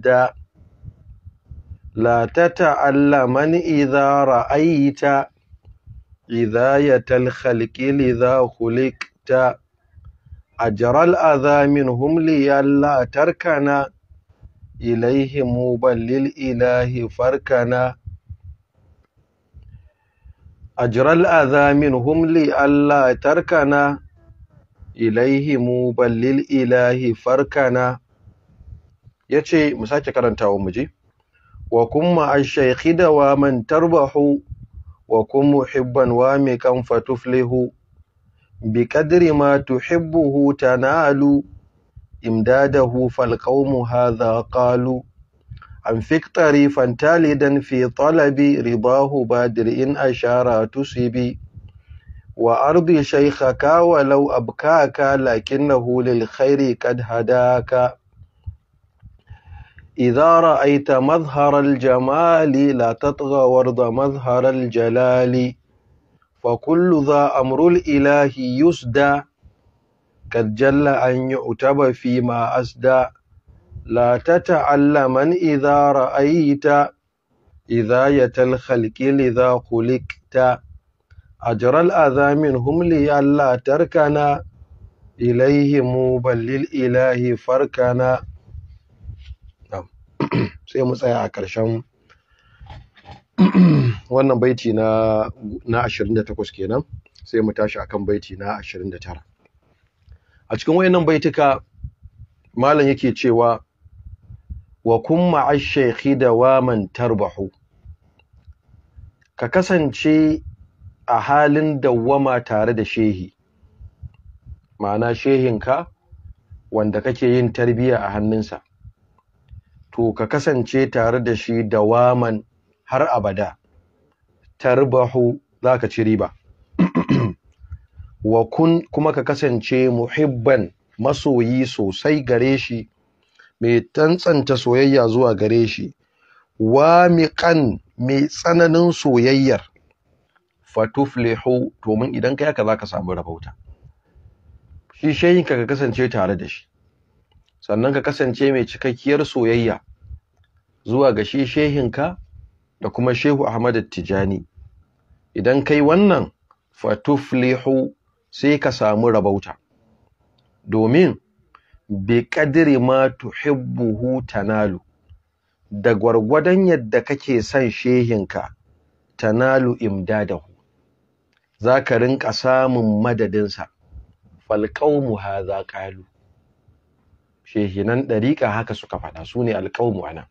da latata Allah mani idara ayyita idayatal khalqil idha khuliqta ajral azamin hum li tarkana ilayhi muballil ilahi farkana azamin hum alla tarkana ilayhi muballil ilahi farkana ya ce mu sake karantawa mu je wa kun ma'an shaikhi da wa man tarbahu wa kun wa mai kan fatuflihu bi kadri ma tuhibbuhu tanalu imdadahu fal qawmu hadha qalu anfik tarifan fi talabi ba badir in ashara tusibi وأرض شيخك ولو أبكاك lil khairi kad hadaka إذا رأيت مظهر الجمال لا تطغى وارض مظهر الجلال فكل ذا أمر الإله يسدى قد جل أن يؤتب فيما أسدى لا تتعلمن إذا رأيت إذاية الخلق لذا خلقت أجر الأذى منهم لئلا تركنا إليهم مبلل للإله فركنا sai mu tsaya a ƙarshen wannan baiti na na 28 kenan sai mu tashi akan baiti na 29 a cikin wayannan baituka malam yake cewa wa kun ma'ash shaykhi dawaman tarbahu ka kasance a halin dawwama tare da shehi ma'ana shehinka wanda kake yin tarbiyya a hannunsa to ka kasance tare da shi dawaman har abada tarbahu za ka ci riba wa kun kuma ka kasance muhibban masoyi sosai gare shi mai tantsanta soyayya zuwa gare shi wamiƙan mai tsananin soyayyar fatuflihu domin idan ka yaka za ka samu rabauta shi shayinka ka kasance tare da shi sannan ka kasance mai cikakkiyar soyayya zuwa ga shi shehinka da kuma shehu Ahmad Tijani idan kai wannan fatuflihu sai ka samu rabauta domin bi kadiri ma tuhibbuhu tanalu da gwargwadon yadda kake son shehinka tanalu imdadahu zaka rinka samun madadinsa falqaumu hadha qalu shehinan ɗariƙa haka suka faɗa sune alqaumu anan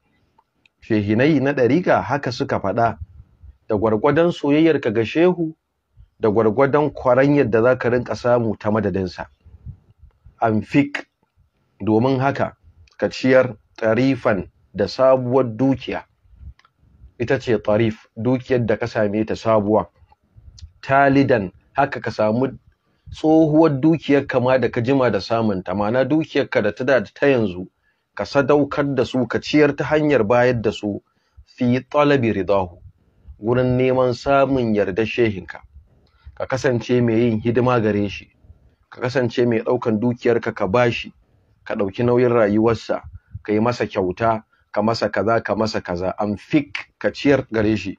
shehinai na ɗariƙa haka suka faɗa da gwargwadon soyayyarka ga shehu da gwargwadon kwaran yadda za ka rinƙa samu ta madadinsa amfik domin haka ka ciyar tarifan da sabuwar dukiya ita ce tarif dukiyar da ka same ta sabuwa talidan haka ka samu tsohuwar dukiyar kama da ka jima da samunta ma'ana dukiyarka da ta da ta yanzu ka sadaukar da su ka ciyar ta hanyar bayar da su fi talabi ridahu gurin neman samun yarda shehinka ka kasance mai yin hidima gare shi ka kasance mai ɗaukan dukiyarka ka bashi ka ɗauki nauyin rayuwarsa ka yi masa kyauta ka masa kaza ka masa kaza amfik ka ciyar gare shi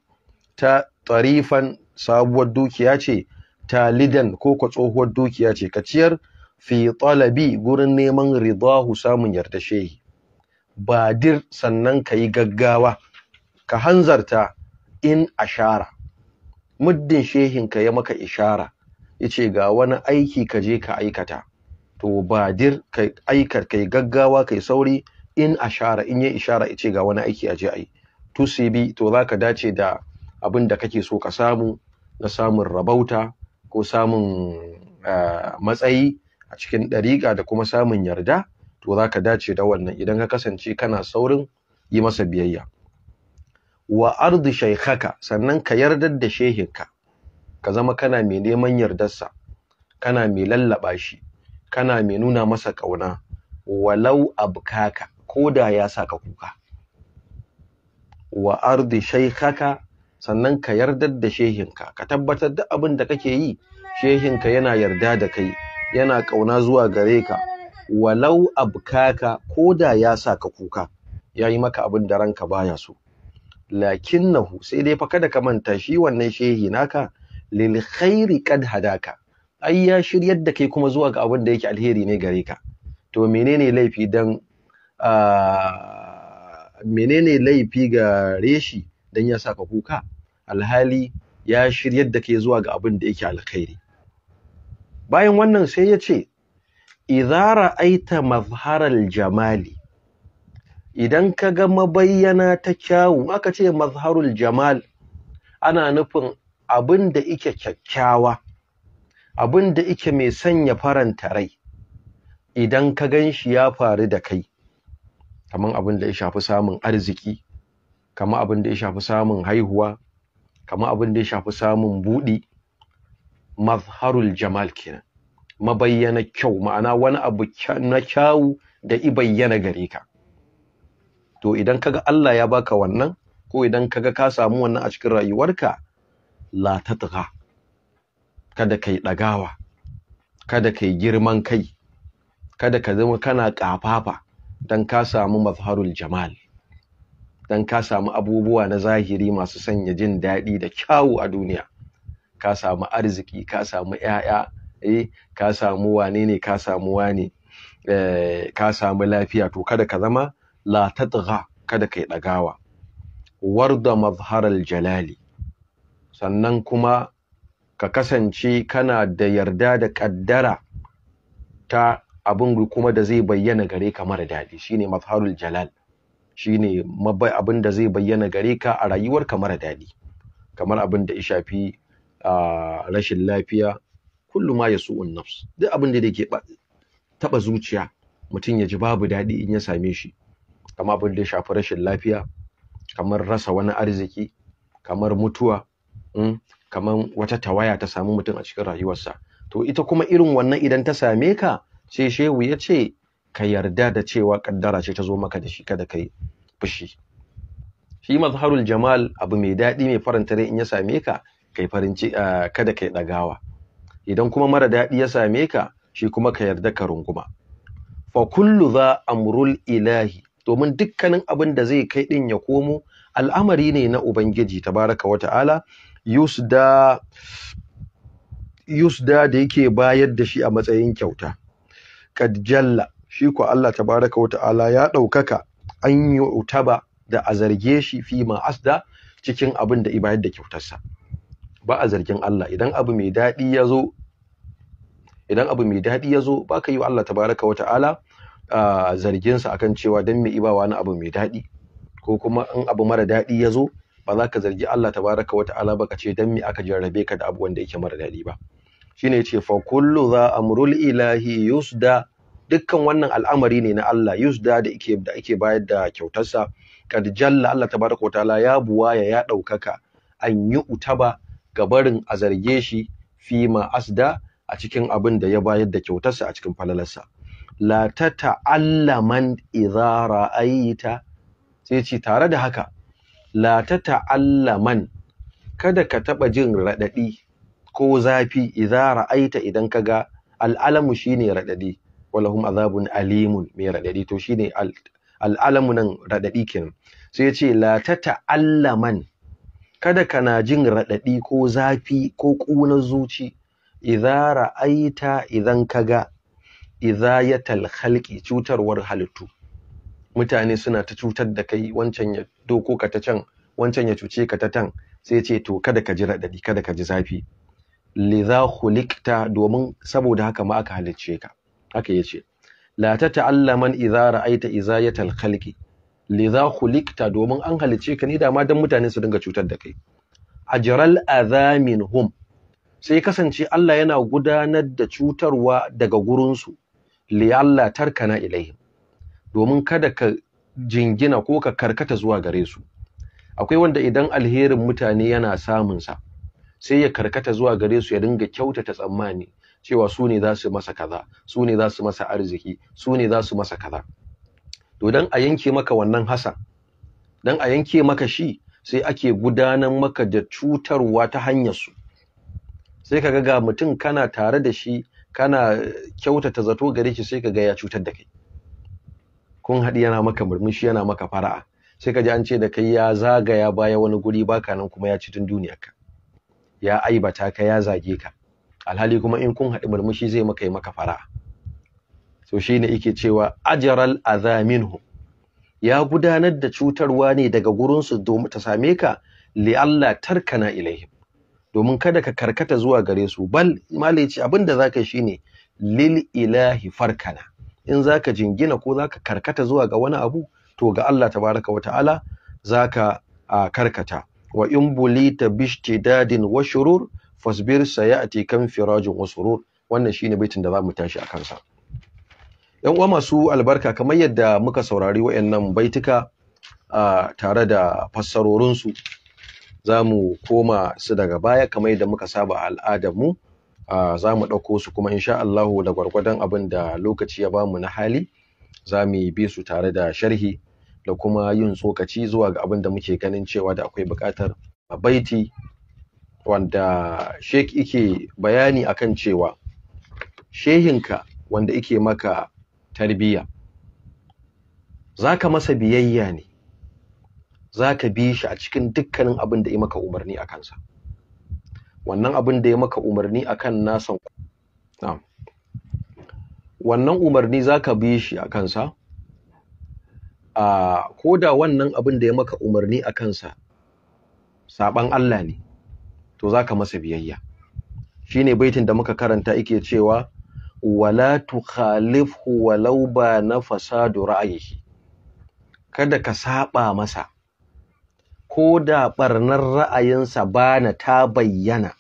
ta tarifan sabuwar dukiya ce talidan ko ko tsohuwar dukiya ce ka ciyar fi talabi gurin neman ridahu samun yarda shehi badir sannan kayi gaggawa ka hanzarta in ashara muddin ka ya maka ishara ya ga wani aiki ka je ka aikata to badir ka aikar kai gaggawa kai sauri in ashara in ya ishara ya ce ga wani aiki a je a yi tusibi to za ka dace da abin da kake so ka samu na samun rabauta ko samun eh, matsayi a cikin ɗariƙa da kuma samun yarda to za ka dace da wannan idan ka kasance kana saurin yi masa biyayya wa ardi shaikhaka sannan ka yardar da shehinka ka zama kana mai neman yardarsa kana mai lallaba shi kana mai nuna masa kauna walau abkaka koda ya saka kuka wa ardi shaykhaka sannan ka yardar da shehinka ka tabbatar da abin da kake yi shehinka yana yarda da kai yana kauna zuwa gare ka walau abkaka ko da ya sa ka kuka ya yi maka abin da ranka baya so Lakin lakinnahu sai dai fa kada ka manta shi wannan shehi naka lil khairi kad hadaka ai ya shiryar da kai kuma zuwa ga abin da yake alheri ne gare ka to menene laifi dan menene laifi ga reshi dan ya saka kuka alhali ya shiryar da kai zuwa ga abin da yake alkhairi bayan wannan sai ya ce idza ra'aita mazharal jamali idan ka ga mabayyana ta kyawu aka ce mazharul jamal ana nufin abinda ike kyakkyawa abinda ike mai sanya faranta rai idan ka gan shi ya faru da kai kaman abinda ya shafi samun arziki kaman abinda ya shafi samun haihuwa kaman abinda ya shafi samun budi mazharul jamal kenan mabayyana kyau ma'ana wani abu na kyawu da i bayyana gare ka to idan kaga Allah ya baka wannan ko idan kaga ka samu wannan a cikin rayuwarka la tatgha kada kai dagawa kada kai girman kai kada ka zama kana kafafa dan ka samu mazharul jamal dan ka samu abubuwa na zahiri masu sanya jin daɗi da kyawu a duniya ka samu arziki ka samu ƴaƴa. eh ka samu wane ne ka samu wane eh, ka samu lafiya to kada ka zama la tatgha kada kai dagawa warda mazharal jalali sannan kuma ka kasance kana da yarda da kaddara ta abin kuma da zai bayyana gare ka mara daɗi shine mazharul jalal shine mabai abin da zai bayyana gare ka a rayuwarka mara daɗi kamar abin da ya shafi ah, rashin lafiya kullu ma yasu'un nafs duk abin da yake taba zuciya mutum ya ji babu daɗi in ya same shi kamar abin da ya shafi rashin lafiya kamar rasa wani arziki kamar mutuwa mm, kamar wata tawaya ta samu mutum a cikin rayuwarsa to ita kuma irin wannan idan ta same ka sai shehu ya ce ka yarda da cewa kaddara ce ta zo maka da shi kada kai fushi shi mazharul jamal abu mai daɗi mai faranta rai in ya same ka kai farin ah, kada kai ɗagawa idan kuma mara daɗi ya same ka shi kuma ka yarda ka runguma fa kullu za amrul ilahi domin dukkanin abin da zai kai din ya komo al'amari ne na ubangiji tabaraka wa ta'ala yusda yusda da yake bayar da shi a matsayin kyauta kad jalla shi ko Allah tabaraka wa ta'ala ya ɗaukaka an yi utaba da a zarge shi fi ma asda cikin abin da ibayar da kyautarsa ba a zargin Allah idan abu mai daɗi ya zo idan abu mai dadi ya zo yi wa Allah tabaraka wa ta'ala zargin sa akan cewa don mai ibawa wani abu mai daɗi ko kuma in abu mara daɗi ya zo ba za ka zargi Allah tabaraka wa ta'ala ba ka ce dan me aka jarrabe ka da abu wanda yake mara daɗi ba shine yace fa kullu za amrul ilahi yusda dukkan wannan al'amari ne na Allah yusda da ake da yake bayar da kyautarsa kad jalla Allah tabaraka wa ta'ala ya buwaya ya ɗaukaka an yi utaba ga barin a zarge shi fi asda a cikin abin da ya bayar da kyautarsa a cikin falalarsa la ta ta'allaman idza ra'aita sai ce tare da haka la ta ta'allaman kada ka taɓa jin raɗaɗi ko zafi idza ra'aita idan ka ga al'alamu shine radadi walahum azabun alimun mai raɗaɗi to shine al'alamu nan radadi kenan sai ce la ta ta'allaman kada kana jin raɗaɗi ko zafi ko ƙunar zuci idza ra'aita idan kaga yatal khalqi cutarwar halittu mutane suna ta cutar da kai wancan ya doko ka ta can wancan ya cuce ka ta tan sai ce to kada ka ji raɗaɗi kada ka ji zafi liza khuliqta domin saboda haka ma aka halicce ka haka yace la tata'allaman idza ra'aita izayatal khalqi liza khuliqta domin an halice ka ne dan mutane su dinga cutar da kai ajral adha minhum sai kasance Allah yana gudanar da cutarwa daga gurinsu liyalla tarkana ilaihim domin kada ka jingina ko ka karkata zuwa gare su akwai wanda idan alherin mutane yana samun sa sai ya karkata zuwa gare su ya dinga kyautata tsammani cewa su ne za su masa kaza su ne za su masa arziki su ne za su masa kaza to dan a yanke maka wannan hasan dan a yanke maka shi sai ake gudanar maka da cutarwa ta hanyar su sai kaga ga mutum kana tare da shi kana kyautata zato gare shi sai kaga ya cutar da kai kun haɗi yana maka murmushi yana maka fara'a sai kaji an ce da kai ya zagaya baya wani guri baka nan kuma ya ci tun duniya ka. ya aibata ka ya zage ka alhali kuma in kun haɗi murmushi zai maka yi maka fara'a so shine yake cewa ajaral azaminhu ya gudanar da cutarwa ne daga gurinsu domin ta same ka li'alla tarkana ilaihim domin kada ka karkata zuwa gare su bal malai ce abinda zaka shine lil ilahi farkana in zaka jingina ko zaka karkata zuwa ga wani abu to ga Allah tabaraka wa ta'ala zaka karkata wa in bulita dadin wa shurur fasbir sayati tekan firajin wa shurur wannan shine baitin da za mu tashi a kansa. yan uwa masu albarka kamar yadda muka saurari wayannan baituka a tare da fassarorinsu za mu koma su daga baya kamar yadda muka saba al'adar mu za mu ɗauko su kuma insha Allahu da gwargwadon abin da lokaci ya bamu na hali za mu bi su tare da sharhi da kuma yin tsokaci zuwa ga abin da muke ganin cewa da akwai buƙatar baiti wanda sheik yake bayani akan cewa shehinka wanda yake maka tarbiyya za ka masa biyayya ne za ka bi shi a cikin dukkanin abin da ya maka umarni a kansa wannan abin da ya maka umarni a kan nasan wannan umarni za ka bi shi a kansa a koda wannan abin da ya maka umarni a kansa saban Allah ne to za ka masa biyayya Shi ne baitin da muka karanta yake cewa wala tukhalifhu walau ba na fasadu ra'ayihi kada ka saba masa ko da barnar ra'ayinsa bana ta bayyana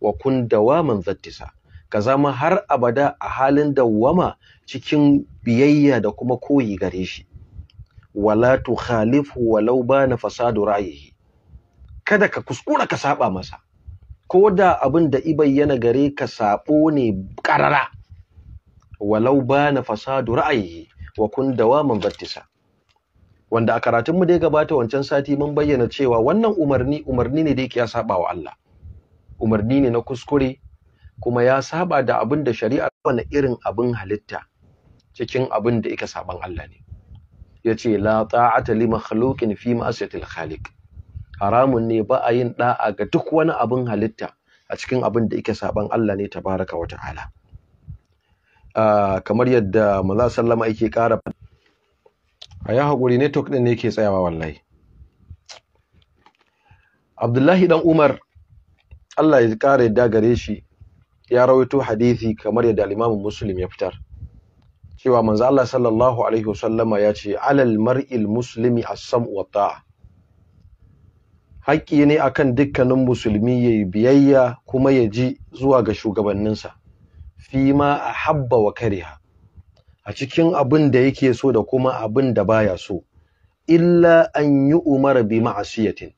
wa kun dawaman zattisa ka zama har abada a halin dawwama cikin biyayya da kuma koyi gare shi wala tukhalifhu walau na fasadu ra'ayihi kada ka kuskura ka saba masa ko da abin da i bayyana gare ka saɓo ne ƙarara walau ba na fasadu ra'ayi wa kun dawaman battisa wanda a karatunmu da ya gabata wancan sati mun bayyana cewa wannan umarni umarni ne da yake ya saba wa Allah umarni ne na kuskure kuma ya saba da abin da shari'a wani irin abin halitta cikin abin da yake saban Allah ne yace la ta'ata li makhluqin fi ma'asiyatil khaliq haramun ne ba a yin ɗa'a ga duk wani abin halitta a cikin abin da yake saban Allah ne tabaraka wa ta'ala kamar yadda maza sallama yake ƙara a ya haƙuri network ɗin ne ke tsayawa wallahi abdullahi dan umar Allah ya ƙara yadda gare shi ya rawaito hadisi kamar yadda al-imamu ya fitar cewa manzo Allah sallallahu alaihi wasallama ya ce alal mar'il muslimi as-sam'u wat ta'a haƙƙi ne akan dukkanin musulmi ya yi biyayya kuma ya ji zuwa ga shugabanninsa fi ma a habba wa kariha a cikin abin da yake so da kuma abin da baya so illa an yi umara bi ma'asiyatin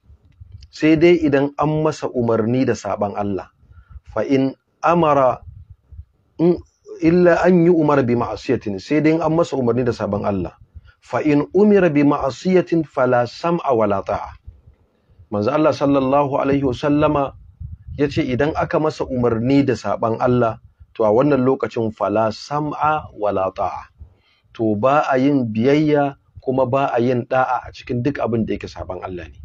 sai dai idan an masa umarni da saban Allah fa in amara illa an yi umara bi ma'asiyatin sai dai an masa umarni da saban Allah fa in umira bi ma'asiyatin fala sam'a wala manzo Allah sallallahu alaihi wasallama yace idan aka masa umarni da saban Allah to a wannan lokacin fala sam'a wala ta'a to ba a yin biyayya kuma ba a yin da'a a cikin duk abin da yake saban Allah ne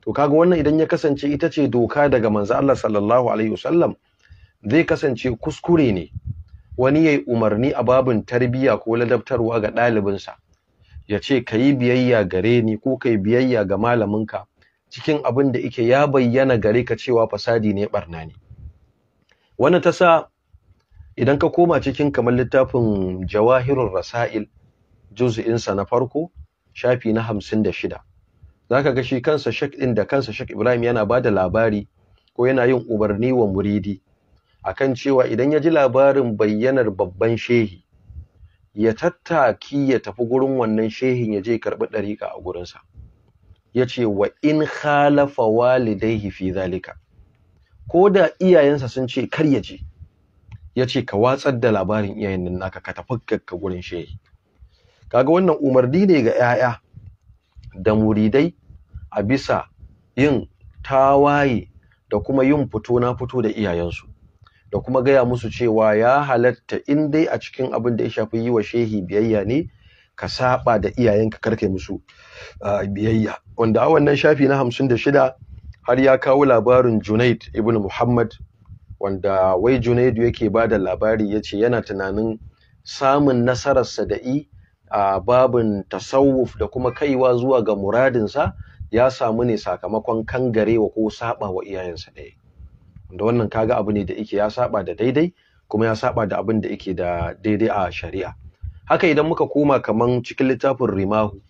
to kaga wannan idan ya kasance ita ce doka daga manzo Allah sallallahu alaihi wasallam zai kasance kuskure ne wani yayi umarni a babun tarbiyya ko ladabtarwa ga ɗalibinsa ya ce ka yi biyayya gare ni ko ka biyayya ga malaminka cikin abin da yake ya bayyana gare ka cewa fasadi ne barna ne wannan ta sa idan ka koma cikin kamar littafin jawahirun rasail juz'insa na farko shafi na hamsin da shida za ga shi kansa shek ɗin da kansa shek ibrahim yana ba da labari ko yana yin umarni wa muridi akan cewa idan ya ji labarin bayyanar babban shehi ya tattaki ya tafi gurin wannan shehin ya je karɓi ɗariƙa a gurinsa yace wa in khalafa walidaihi fi zalika ko da iyayensa sun ce kar ya je yace ka watsar da labarin iyayen nan naka ka tafi ka gurin shehi kaga wannan umarni ne ga 'ya'ya da muridai a bisa yin tawaye da kuma yin fito na fito da iyayensu da kuma gaya musu cewa ya halatta in dai a cikin abin da ya shafi yi wa shehi biyayya ne ka saba da iyayenka kar kai musu biyayya wanda a wannan shafi na hamsin da shida har ya kawo labarin junaid ibn muhammad wanda wai Junaid yake ba da labari yace yana tunanin samun nasararsa da i a babin tasawuf da kuma kaiwa zuwa ga muradinsa ya samu ne sakamakon kangarewa ko saba wa iyayensa ɗaya da wannan kaga abu ne da yake ya saba da daidai kuma ya saba da abin da yake da daidai a shari'a haka idan muka koma kaman cikin littafin rimahu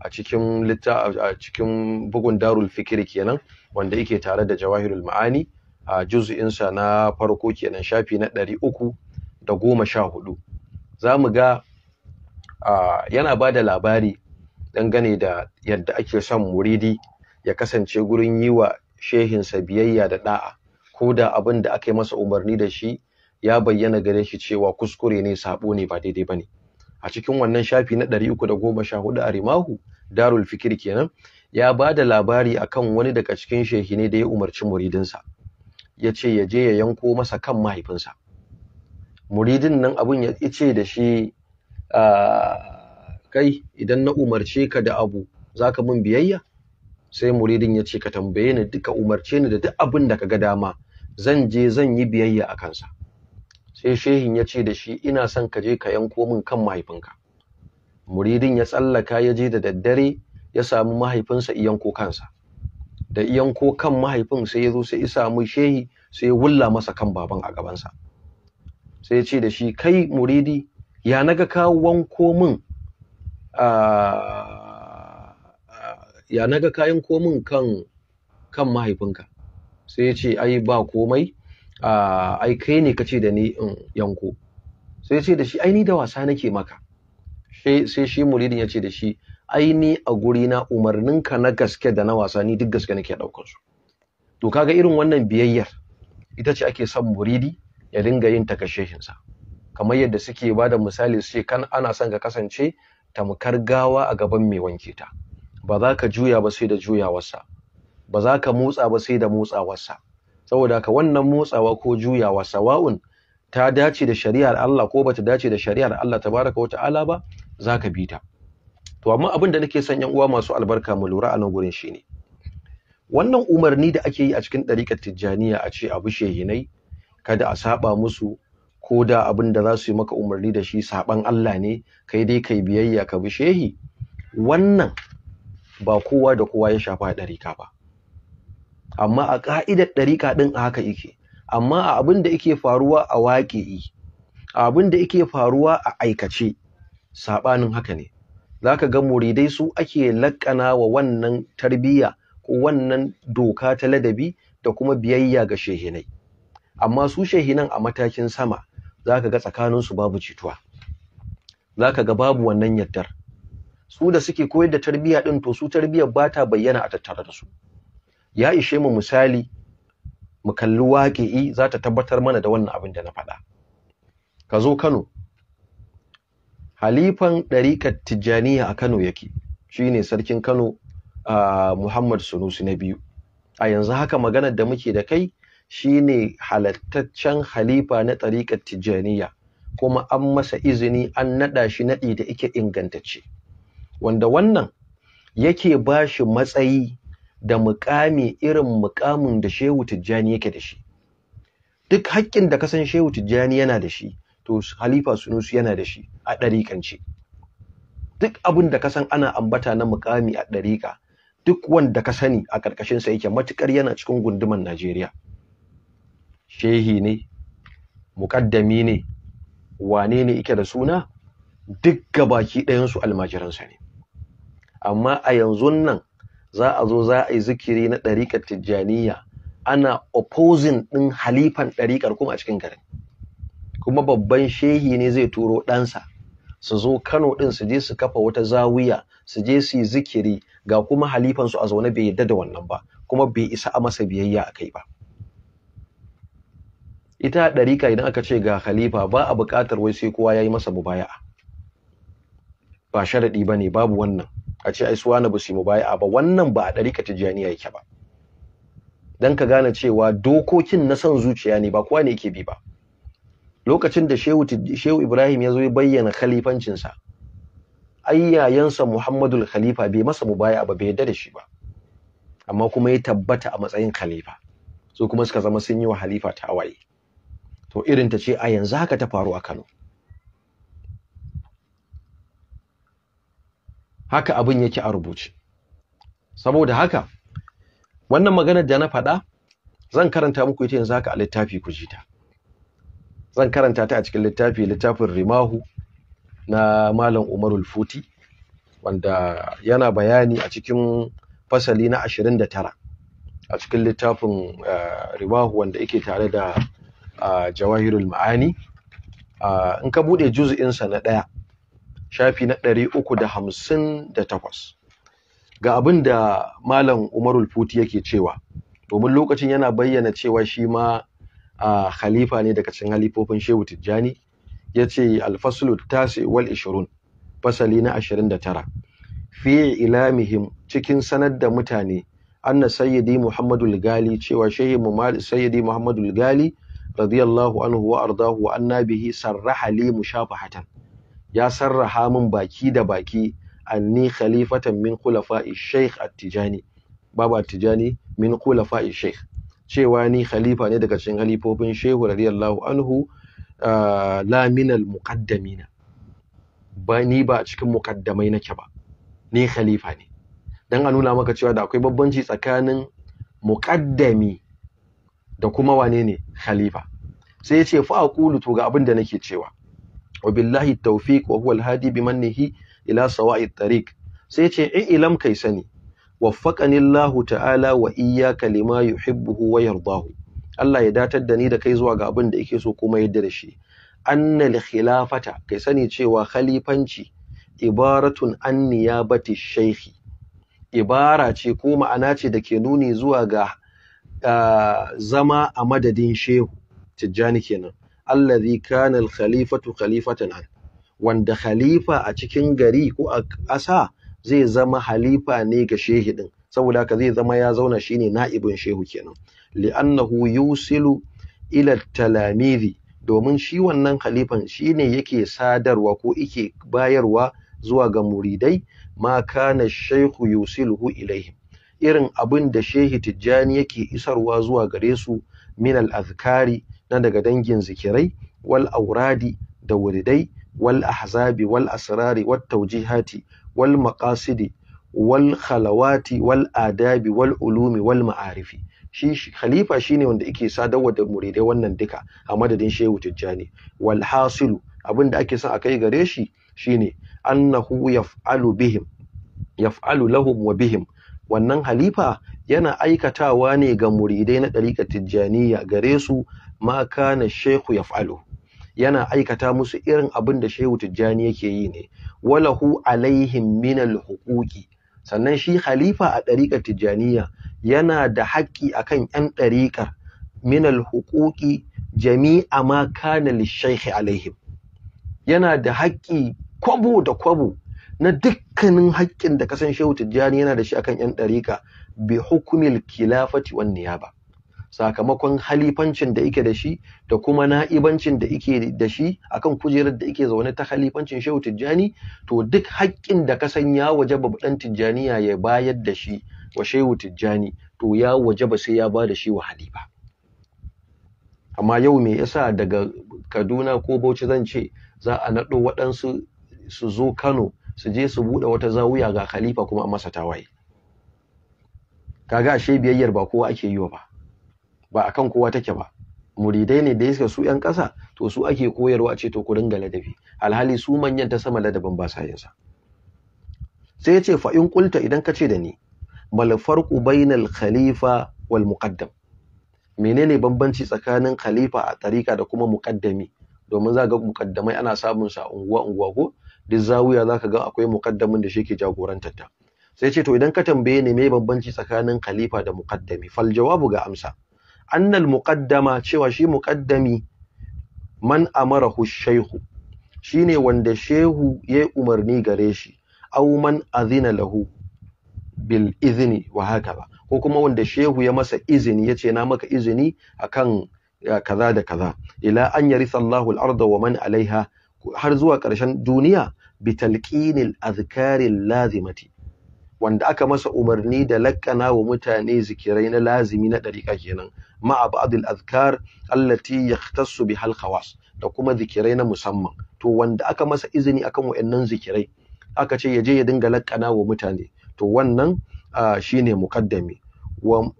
a cikin a cikin bugun darul fikiri kenan wanda yake tare da jawahirul ma'ani a sa na farko kenan shafi na ɗari uku da goma sha hudu za mu ga yana ba da labari dangane da yadda ake son muridi ya kasance gurin yi wa shehin sa biyayya da ɗa'a ko da abin da aka yi masa umarni da shi ya bayyana gare shi cewa kuskure ne sabo ne ba daidai bane a cikin wannan shafi na ɗari uku da goma sha hudu a rimahu darul fikir kenan ya ba da labari akan wani daga cikin ne da ya umarci muridinsa ya ce ya je ya yanko masa kan mahaifinsa muridin nan abun ya ce da shi kai idan na umarce ka da abu za ka min biyayya sai muridin ya ce ka tambaye ni duka umarce ni da duk abin da ka ga dama zan je zan yi biyayya a kansa sai shehin ya ce da shi ina son ka je ka yanko min kan mahaifinka muridin ya tsallaka ya je da daddare ya samu mahaifinsa iyanko kansa da iyanko kan mahaifin sai ya zo sai ya samu shehi sai ya wulla masa kan baban a gabansa sai ya ce da shi kai muridi ya naga ka wanko min ya naga ka yanko min kan kan mahaifinka sai ya ce ai ba komai Ah, ai kai ne kace da ni in yanko sai ce da shi ai ni da wasa nake maka sai shi muridin ya ce da shi ai ni a guri na umarninka na gaske da na wasa ni duk gaske nake daukar su to kaga irin wannan biyayyar ita ce ake son muridi ya dinga yin takasheshinsa kamar yadda suke ba da misali su ce kan ana son ka kasance tamkar gawa a gaban mai wanke ta ba za ka juya ba sai da juyawarsa ba za ka motsa ba sai da motsawarsa saboda ka wannan motsawa ko juyawa sawa'un ta dace da shari'ar Allah ko bata dace da shari'ar Allah tabaraka wa ta'ala ba zaka bi ta to amma abin da nake son yan uwa masu albarka mu lura a nan gurin shine wannan umarni da ake yi a cikin ɗariƙar tijjaniya a ce a abu shehinai kada a saba musu ko da abin da za su yi maka umarni da shi saban Allah ne kai dai kai biyayya ka bi shehi wannan ba kowa da kowa ya shafa ɗarika ba amma a ƙa'idar ɗariƙa ɗin a haka yake amma a abin da yake faruwa a waƙi'i a abin da yake faruwa a aikace saɓanin haka ne za ka ga muridai su ake laƙana wa wannan tarbiyya ko wannan doka ta ladabi da kuma biyayya ga shehinai amma su shehinan a matakin sama za ka ga tsakaninsu babu jituwa za ka ga babu wannan yardar su da suke koyar da tarbiyya ɗin to su tarbiyyar ba ta bayyana a tattare da su ya ishe mu misali mu kalli waƙi'i za ta tabbatar mana da wannan abin da na faɗa ka zo kano halifan ɗariƙar tijjaniya a kano yake shine sarkin kano uh, muhammad sunusi na biyu a yanzu haka maganar da muke da kai shine halattaccen halifa na ɗariƙar tijjaniya kuma an masa izini an naɗa shi naɗi da ike ingantacce wanda wannan yake ba shi matsayi da mukami irin muƙamin da Shehu Tijjani yake da shi duk haƙƙin da ka san Shehu Tijjani yana da shi to Halifa Sunusi yana da shi a ɗariƙance duk abin da ka san ana ambata na mukami a ɗariƙa duk wanda ka sani a ƙarƙashin sa yake matuƙar yana cikin gunduman Najeriya shehi ne muƙaddami ne wane ne yake da suna duk gabaki ɗayan su almajiransa ne amma a yanzu nan za a zo za a yi zikiri na ɗariƙar tijjaniya ana opposing ɗin halifan ɗariƙar kuma a cikin garin kuma babban shehi ne zai turo ɗansa su zo kano ɗin su je su kafa wata zawiya su je su yi zikiri ga kuma halifan su a zaune bai yadda da wannan ba kuma bai isa a masa biyayya a kai ba ita ɗarika idan aka ce ga halifa ba a buƙatar wai sai kowa ya yi masa mubaya'a ba sharaɗi ba ne babu wannan a ce ai suwana ba su yi mubaya'a ba wannan ba a ɗarika tijjaniya yake ba dan ka gane cewa dokokin na son zuciya ne ba kowa ne yake bi ba lokacin da shehu shehu Ibrahim ya zo ya bayyana khalifancinsa ayyayansa Muhammadul Khalifa bai masa mubaya ba bai yarda da shi ba amma kuma ya tabbata a matsayin khalifa so kuma suka zama sun yi wa halifa tawaye to irin ta ce a yanzu haka ta faru a Kano haka abin yake a rubuce saboda haka wannan maganar da na faɗa zan karanta muku ita yanzu haka a littafi ku ji zan karanta ta a cikin littafi littafin rimahu na malam umarul futi wanda yana bayani a cikin fasali na ashirin da tara. a cikin littafin eh, rimahu wanda yake tare da eh, jawahirul ma'ani eh, in ka buɗe juz'insa na ɗaya shafi na ɗari uku da hamsin da takwas ga abin da malam umarul futi yake cewa domin lokacin yana bayyana cewa shi ma a khalifa ne daga cikin halifofin shehu tijjani ya ce alfaslu tasi wal ishirun fasali na ashirin da tara fi ilamihim cikin sanar da mutane na sayyidi muhammadul gali cewa shehi sayyidi muhammadul gali radiyallahu anhu wa ardahu wa annabihi bihi sarraha li mushafahatan ya sarraha min baki da baki anni khalifatan min khulafa'i sheikh at-tijani baba tijani min khulafa'i sheikh cewa ni khalifa ne daga cikin halifofin shehu radiyallahu anhu ah, la min al-muqaddamina ba ni ba cikin muqaddamai nake ba ni khalifa ne dan a nuna maka cewa da akwai babbanci tsakanin muqaddami da kuma wane ne khalifa sai ya ce fa aqulu to ga abin da nake cewa wa Taufik tawfiq wa huwa ila sawa'i tariq sai ce ilam kai sani waffaqani Allah ta'ala wa iyyaka lima yuhibbuhu wa yardahu Allah ya datar da ni da kai zuwa ga abin da yake so kuma yadda da shi annal khilafata kai sani cewa khalifanci ibaratun an niyabati shaykhi ibara ce ko ma'ana ce da ke nuni zuwa ga zama a madadin shehu tijjani kenan allazi kana al-khalifatu khalifatan an wanda khalifa a cikin gari ko a ƙasa zai zama Khalifa ne ga shehi din saboda haka zai zama ya zauna shine na'ibin shehu kenan li'annahu yusilu ila talamizi domin shi wannan khalifan shine yake sadarwa ko yake bayarwa zuwa ga muridai ma kana shaykhu yusiluhu ilaihim irin abin da shehi tijjani yake isarwa zuwa gare su min al-azkari na daga dangin zikirai wal auradi da wuridai wal ahzabi wal asrari wat tawjihati wal maqasidi wal khalawati wal adabi wal ulumi wal ma'arifi shi khalifa shine wanda yake sadarwa da muridai wannan duka a madadin shehu tijjani wal abin da ake son a kai gare shi shine annahu yaf'alu bihim yaf'alu lahum wa bihim wannan Khalifa yana aikatawa ne ga muridai na ɗariƙar tijjaniya gare su ma kana shehu yaf'alu yana aikata musu irin abin da shehu tijjani yake yi ne walahu alaihim minal alhuquqi sannan shi khalifa a dariƙar tijjaniya yana da haƙƙi akan ƴan dariƙar minal alhuquqi jami'a ma kana lishaykhi alaihim yana da haƙƙi kwabo da kwabo na dukkanin haƙƙin da kasan shehu tijjani yana da shi akan ƴan dariƙa bi hukumil khilafati wan niyaba sakamakon halifancin da ike da shi da kuma na'ibancin da yake da shi akan kujerar da yake zaune ta halifancin Shehu Tijjani to duk haƙƙin da ka san ya wajaba dan Tijjaniya ya bayar da shi wa Shehu Tijjani to ya waje ba sai ya ba da shi wa halifa amma yau me yasa daga Kaduna ko Bauchi zan ce za a naɗo waɗansu su zo Kano su je su buɗe wata zawuya ga khalifa kuma a masa tawaye kaga ashe biyayyar ba kowa ake yi wa ba ba a kan kowa take ba muridai ne da suka su yan ƙasa to su ake koyarwa ce to ku ringa ladabi alhali su manyan ta sama ladabin ba sa yin sa sai ya ce fa in qulta idan ka ce da ni bal farqu bainal khalifa wal muqaddam menene bambanci tsakanin khalifa a tariqa da kuma muqaddami domin za ga muqaddamai ana samun sa unguwa unguwa ko duk zawiya za ka ga akwai muqaddamin da shi ke jagorantar ta sai ce to idan ka tambaye ni me bambanci tsakanin khalifa da muqaddami fal jawabu ga amsa annal muqaddama cewa shi muqaddami man amarahu shaykhu shine wanda shehu ya umarni gare shi aw man azina lahu bil izni wa hakaba ko kuma wanda shehu ya masa izini yace na maka izini akan kaza da kaza ila an yarisa Allahu al-ardha wa man alaiha har zuwa ƙarshen duniya bi talqinil azkari lazimati wanda aka masa umarni da lakkana wa mutane zikirai na lazimi na ɗariƙa kenan ma'a ba'dil azkar allati bi hal khawas da kuma zikirai na musamman to wanda aka masa izini akan wayannan zikirai aka ce ya je ya dinga lakkana wa mutane to wannan shine muqaddami wa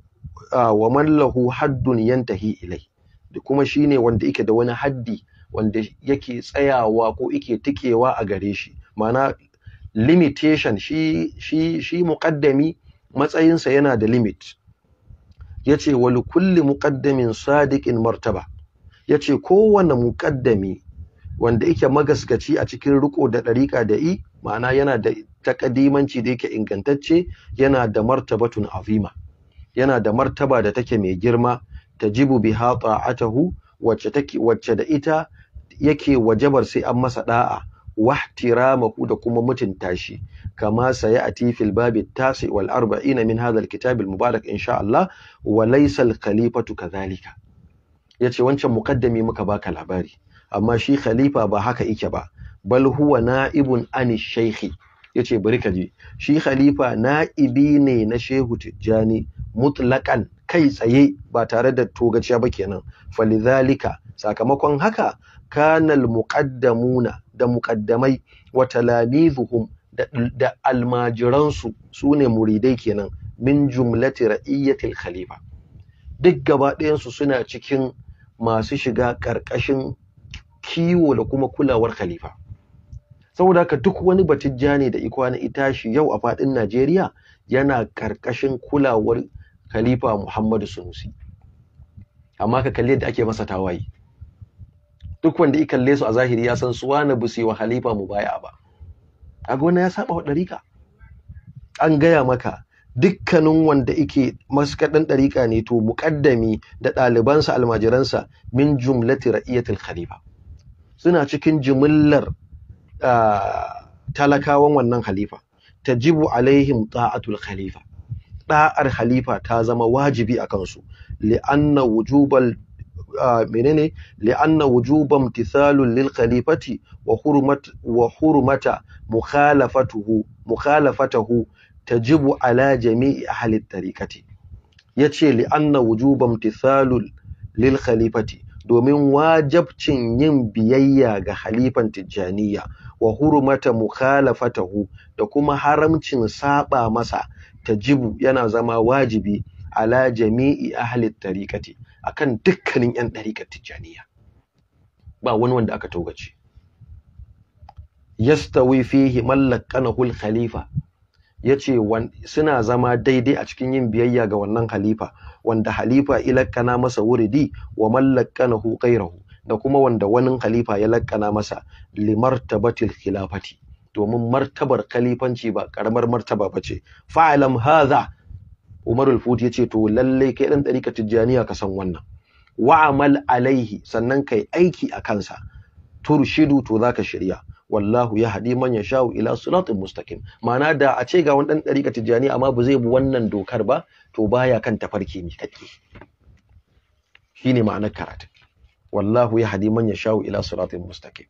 wa man lahu haddun yantahi ilai da kuma shine wanda yake da wani haddi wanda yake tsayawa ko yake tikewa a gare shi ma'ana limitation shi shi shi muqaddami matsayinsa yana da limit Ya ce "Wani kulli muƙaddamin sadiƙin martaba Ya yace kowane muƙaddami!" wanda yake magaskaci a cikin riko da ɗariƙa da i ma'ana yana da takadimanci da yake ingantacce yana da martaba tun azima yana da martaba da take mai girma tajibu jibu ta'atahu wacce tahu, wacce da ita yake wajabar sai an masa ɗa'a. واحترامه da kuma mutunta shi kama sayati fil babi tasi wal arba'ina min hadha al kitab al mubarak insha Allah wa laysa al khalifatu kadhalika yace wancan muqaddami muka baka labari amma shi khalifa ba haka yake ba Balhuwa huwa na'ibun an shaykhi yace bari ka je shi khalifa na'ibi ne na shehu tijjani Mutlaƙan kai tsaye ba tare da togaciya ba kenan falidhalika sakamakon haka Kanal al da muƙaddamai wa talamizuhum da almajiransu sune muridai kenan min jumlati ra'iyatil khalifa duk gaba ɗayansu suna cikin masu shiga ƙarƙashin kiwo da kuma kulawar khalifa saboda haka duk wani batijja ne da ikwana itashi yau a faɗin Najeriya yana ƙarƙashin kulawar khalifa Muhammadu Sunusi amma ka kalli ake masa tawaye duk wanda ya kalle su a zahiri ya san su wani busi wa halifa mu baya ba kaga wannan ya saba wa ɗarika an gaya maka dukkanin wanda ike maskaɗan ɗarika ne to muƙaddami da ɗalibansa almajiransa min jumlati ra'iyatul khalifa suna cikin jimillar talakawan wannan halifa tajibu alaihim ta'atul khalifa Ɗa'ar khalifa ta zama wajibi a kansu li'anna wujubal menene li'anna wujuban imtithalun lil khalifati wa hurmat wa hurmata mukhalafatuhu mukhalafatuhu tajibu ala jami'i ahli tariqati yace li'anna wujuban imtithalun lil khalifati domin wajabcin yin biyayya ga Khalifan tijjaniya wa hurmata mukhalafatahu da kuma haramcin saba masa tajibu yana zama wajibi ala jami'i ahli tariqati akan dukkanin 'yan ɗariƙar tijjaniya ba wani wanda aka togace yastawi fihi mallakanahu al-khalifa yace suna zama daidai a cikin yin biyayya ga wannan Khalifa. wanda ya ilakkana masa wuridi wa mallakanahu ghayrahu da kuma wanda wani Khalifa ya lakkana masa limartabatil khilafati domin martabar khalifanci ba karamar martaba bace fa'alam hadha Umar al-Futi yace to lalle kai dan dariƙa tijjaniya ka san wannan wa amal alaihi sannan kai aiki a kansa turshidu to zaka shirya wallahu ya hadi man yasha'u ila siratin mustaqim ma'ana da a ce ga wani dan dariƙa tijjaniya amma ba zai bi wannan dokar ba to baya kan tafarki ne kake shine ma'anar karatu wallahu ya hadi man yasha'u ila siratin mustaqim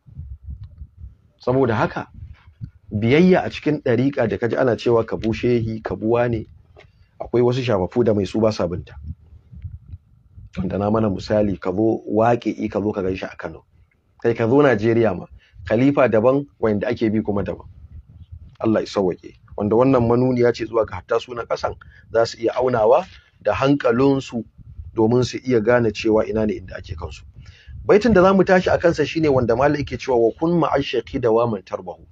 saboda haka biyayya a cikin ɗarika da kaji ana cewa ka kabuwa shehi ka akwai wasu shafafu da mai su ba sabunta wanda na mana misali ka zo waƙe ka zo ka ganshi a Kano kai ka zo Najeriya ma khalifa daban wanda ake bi kuma daban Allah ya wanda wannan ya ce zuwa ga hatta sunan ƙasan za su iya aunawa da hankalinsu domin su iya gane cewa ina ne inda ake kansu baitin da za mu tashi a kansa shine wanda malai yake cewa wa kun wa dawaman tarbahu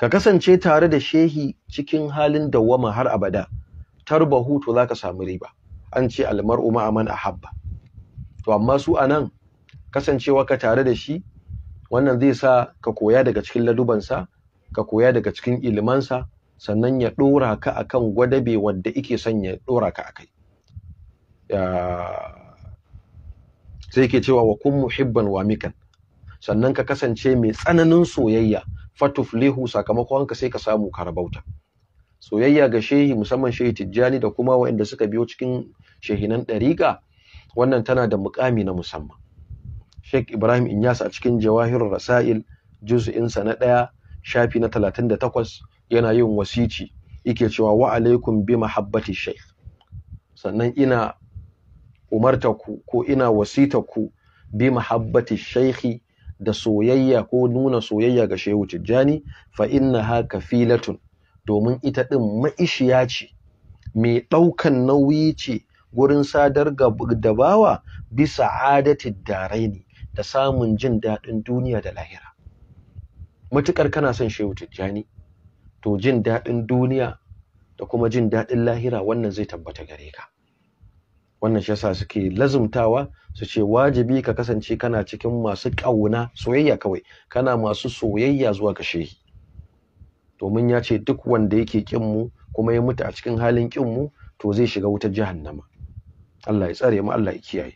ka kasance tare da shehi cikin halin dawama har abada tarbahu to zaka samu riba an ce almar'u ma'a man ahabba to amma su anan kasancewa ka tare da shi wannan zai sa ka koya daga cikin ladubansa ka koya daga cikin ilimansa sannan ya dora ka akan gwadabe wanda yake son ya dora ka akai sai yake cewa wa kun muhibban wa mikan sannan ka kasance mai tsananin soyayya fatuflihu sakamakon ka sai ka samu karabauta soyayya ga shehi musamman shehi tijjani da kuma waɗanda suka biyo cikin shehinan ɗariƙa wannan tana da muƙami na musamman sheik ibrahim inyasa a cikin jawahirul rasail juz'insa na ɗaya shafi na talatin da 38 yana yin wasici yake cewa wa alaikum bi mahabbati sheikh sannan ina umarta ku ko ina wasita ku bi mahabbati shaykhi da soyayya ko nuna soyayya ga shehu tijjani fa innaha kafilatun domin ita ɗin ma'ishiya ce mai ɗaukan nauyi ce gurin sadar da bawa bisa darai ne da samun jin daɗin duniya da lahira Matuƙar kana son shehu tijjani to jin daɗin duniya da kuma jin daɗin lahira wannan zai tabbata gare ka wannan shi yasa suke lazumtawa su ce wajibi ka kasance kana cikin masu ƙauna soyayya kawai kana masu soyayya zuwa ga shehi domin ya ce duk wanda yake kinmu kuma ya mutu a cikin halin kin mu to zai shiga wutar jahannama Allah ya tsare mu Allah ya kiyaye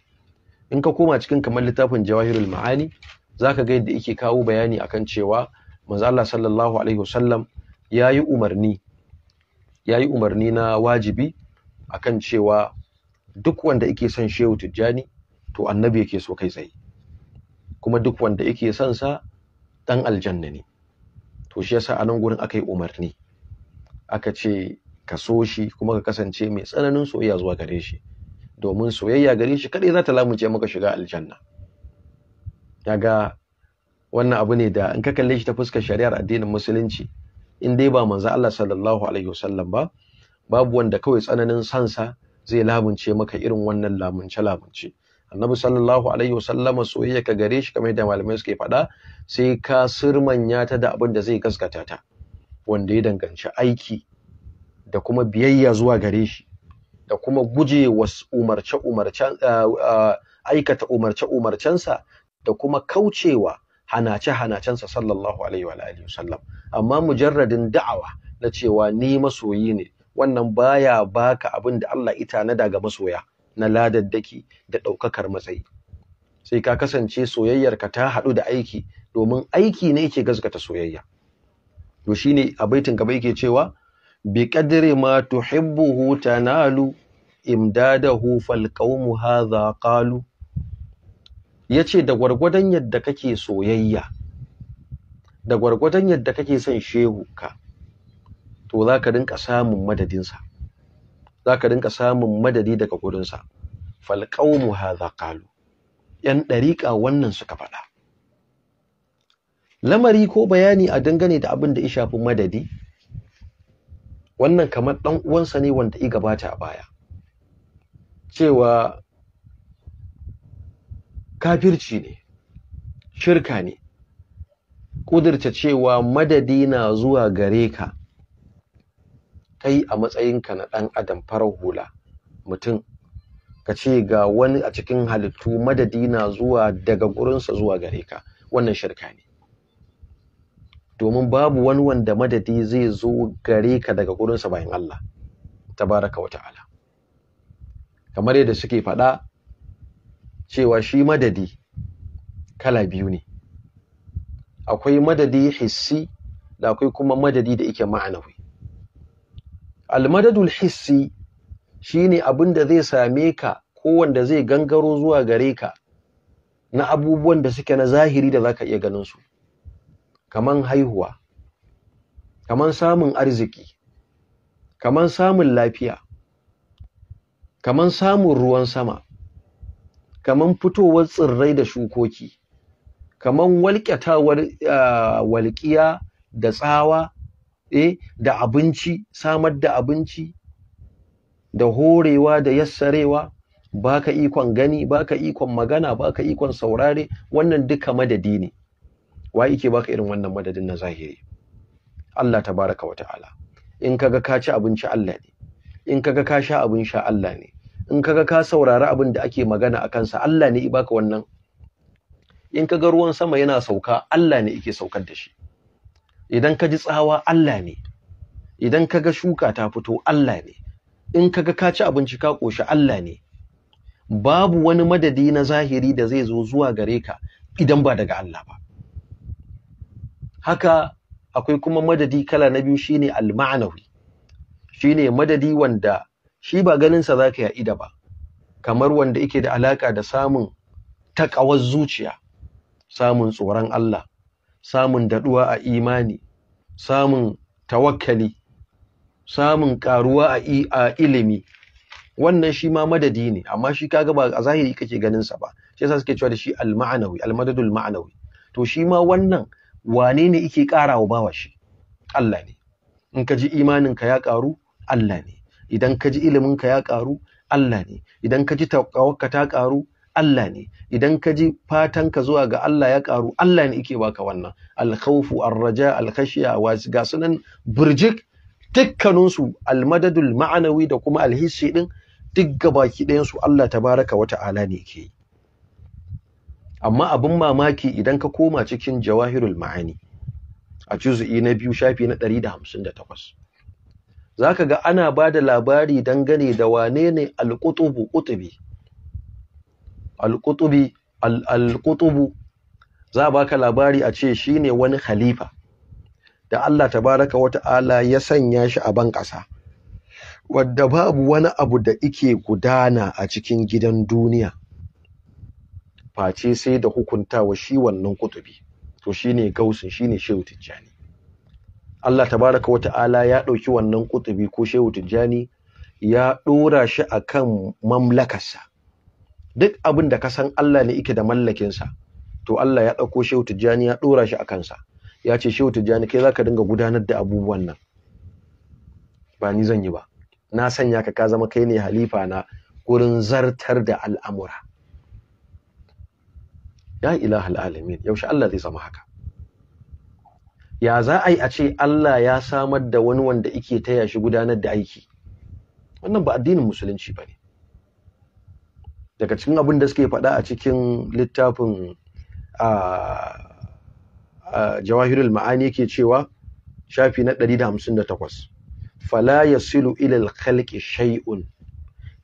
in ka koma cikin kamar littafin jawahirul ma'ani zaka ga yadda yake kawo bayani akan cewa manzo Allah sallallahu alaihi wasallam yayi umarni yayi umarni na wajibi akan cewa duk wanda yake son shehu tijjani to annabi yake so kai tsaye kuma duk wanda yake son sa dan aljanna ne to shi yasa a nan gurin aka yi umarni aka ce ka so shi kuma ka kasance mai tsananin soyayya zuwa gare shi domin soyayya gare shi kaɗai za ta lamunce maka shiga aljanna kaga wannan abu ne da in ka kalle shi ta fuskar shari'ar addinin musulunci in dai ba manzo Allah sallallahu alaihi wasallam ba babu wanda kawai tsananin sansa zai lamunce maka irin wannan lamunce lamunce annabi sallallahu alaihi wasallam soyayya ka gare shi kamar da malamai suke faɗa sai ka sirmanya ta da abin da zai gaskata ta wanda ya danganci aiki da kuma biyayya zuwa gare shi da kuma guje wa umarce umarcen aikata umarce umarcensa da kuma kaucewa hanace hanacensa sallallahu alaihi wa alihi wasallam amma mujarradin da'awa na cewa ni masoyi ne wannan baya baka abin da Allah ita na daga masoya na ladaddaki da ɗaukakar matsayi sai ka kasance soyayyarka ta haɗu da aiki domin aiki ne yake gazgata soyayya to shine a baitin gaba yake cewa bi qadri ma tuhibbuhu tanalu imdadahu fal qawmu hadha qalu yace da gwargwadon yadda kake soyayya da gwargwadon yadda kake son shehu ka to za ka rinka samun madadinsa. zaka rinka samun madadi daga gurinsa qaumu haza qalu ‘yan ɗariƙa wannan suka faɗa lamari ko bayani a dangane da abin da ya shafi madadi wannan kamar ɗan uwansa ne wanda i gabata a baya cewa kafirci ne shirka ne ƙudurta cewa madadi na zuwa gare ka kai a matsayinka na ɗan adam farar hula mutum ka ce ga wani a cikin halittu madadi na zuwa daga gurinsa zuwa gare ka wannan shirka ne domin babu wani wanda madadi zai zo gare ka daga gurinsa bayan Allah tabaraka wa ta'ala kamar yadda suke faɗa cewa shi madadi kala biyu ne akwai madadi hissi da akwai kuma madadi da yake ma'anawi almadadul hissi shine abin da zai same ka ko wanda zai gangaro zuwa gare ka na abubuwan da suke na zahiri da zaka iya ganin su kaman haihuwa kaman samun arziki kaman samun lafiya kaman samun ruwan sama kaman fitowar tsirrai da shukoki kaman walƙatawar ah, walƙiya da tsawa eh da abinci samar da abinci da horewa da yassarewa baka ikon gani baka ikon magana baka ikon saurare wannan duka madadi ne wa yake baka irin wannan madadin na zahiri Allah tabaraka wa ta'ala in kaga ka ci abinci Allah ne in kaga ka sha abin sha Allah ne in kaga ka saurari abin da ake magana a kansa Allah ne i baka wannan in kaga ruwan sama yana sauka Allah ne yake saukar da shi idan ka ji tsawa Allah ne idan ka ga shuka ta fito Allah ne in ka ga ka ci abinci ka ƙoshi Allah ne babu wani madadi na zahiri da zai zo zuwa gare ka idan ba daga Allah ba haka akwai kuma madadi kala na biyu shine al-ma'nawi shine madadi wanda shi ba ganin sa zaka ya ida ba kamar wanda yake da alaka da samun takawar zuciya samun tsoron Allah samun daɗuwa a imani samun tawakkali samun ƙaruwa a ilimi wannan shi ma madadi ne amma shi kaga ba a zahiri kake ganin sa ba shi yasa suke cewa da shi al-ma'anawi al-madadul ma'anawi to shi ma wannan wane ne yake ƙara wa bawa shi Allah ne in ka ji imanin ka ya ƙaru Allah ne idan ka ji ilimin ka ya ƙaru Allah ne idan ka ji tawakka ta ƙaru Allah ne idan ka ji fatanka zuwa ga Allah ya ƙaru Allah ne yake baka wannan alkhawfu arraja alkhashiya wa ga sunan burjik dukkaninsu almadadul ma'anawi da kuma alhissi din duk gabaki ɗayansu Allah tabaraka wa ta'ala ne ke. amma abin mamaki idan ka koma cikin jawahirul ma'ani a juz'i na biyu shafi na 158 zaka ga ana bada labari dangane da wane ne alqutubu qutubi al-qutubi al baka labari a ce shine wani khalifa da Allah tabaraka wata'ala ya sanya shi a ban ƙasa wadda babu wani abu da ike gudana a cikin gidan duniya face sai da hukuntawa shi wannan kutubi to shine gausin shine shehu tijjani Allah tabaraka wata'ala ya ɗauki wannan kutubi ko shehu tijjani ya ɗora shi a akan mamlakarsa duk abin da ka san Allah ne yake da mallakinsa to Allah ya ɗauko Shehu Tijjani ya ɗora shi a kansa ya ce Shehu Tijjani kai zaka dinga gudanar da abubuwan nan ba ni zan yi ba na sanya ka ka zama kai ne halifa na gurin zartar da al'amura ya ilahal alamin yaushe Allah zai zama haka ya za a a ce Allah ya samar da wani wanda yake taya shi gudanar da aiki wannan ba addinin musulunci ba ne daga cikin abin da suke faɗa a cikin littafin jawahirul ma'ani ke cewa shafi na 158 fala yasilu ila al-khalqi shay'un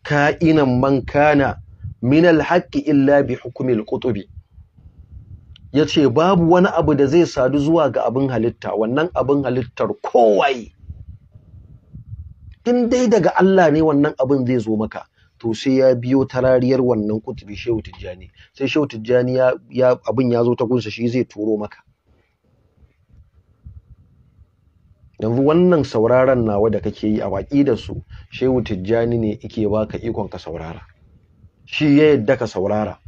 ka'inan man kana min al-haqqi illa bi hukmi al-qutubi yace babu wani abu da zai sadu zuwa ga abin halitta wannan abin halittar kowai in dai daga Allah ne wannan abin zai zo maka to sai ya biyo tarariyar wannan kutubi shehu tijjani sai shehu tijjani ya, ya abin ya zo ta gunsa shi zai turo maka yanzu wannan sauraron nawa da kake yi a waki da su shehu tijjani ne yake baka ikon ka saurara shi ya yadda ka saurara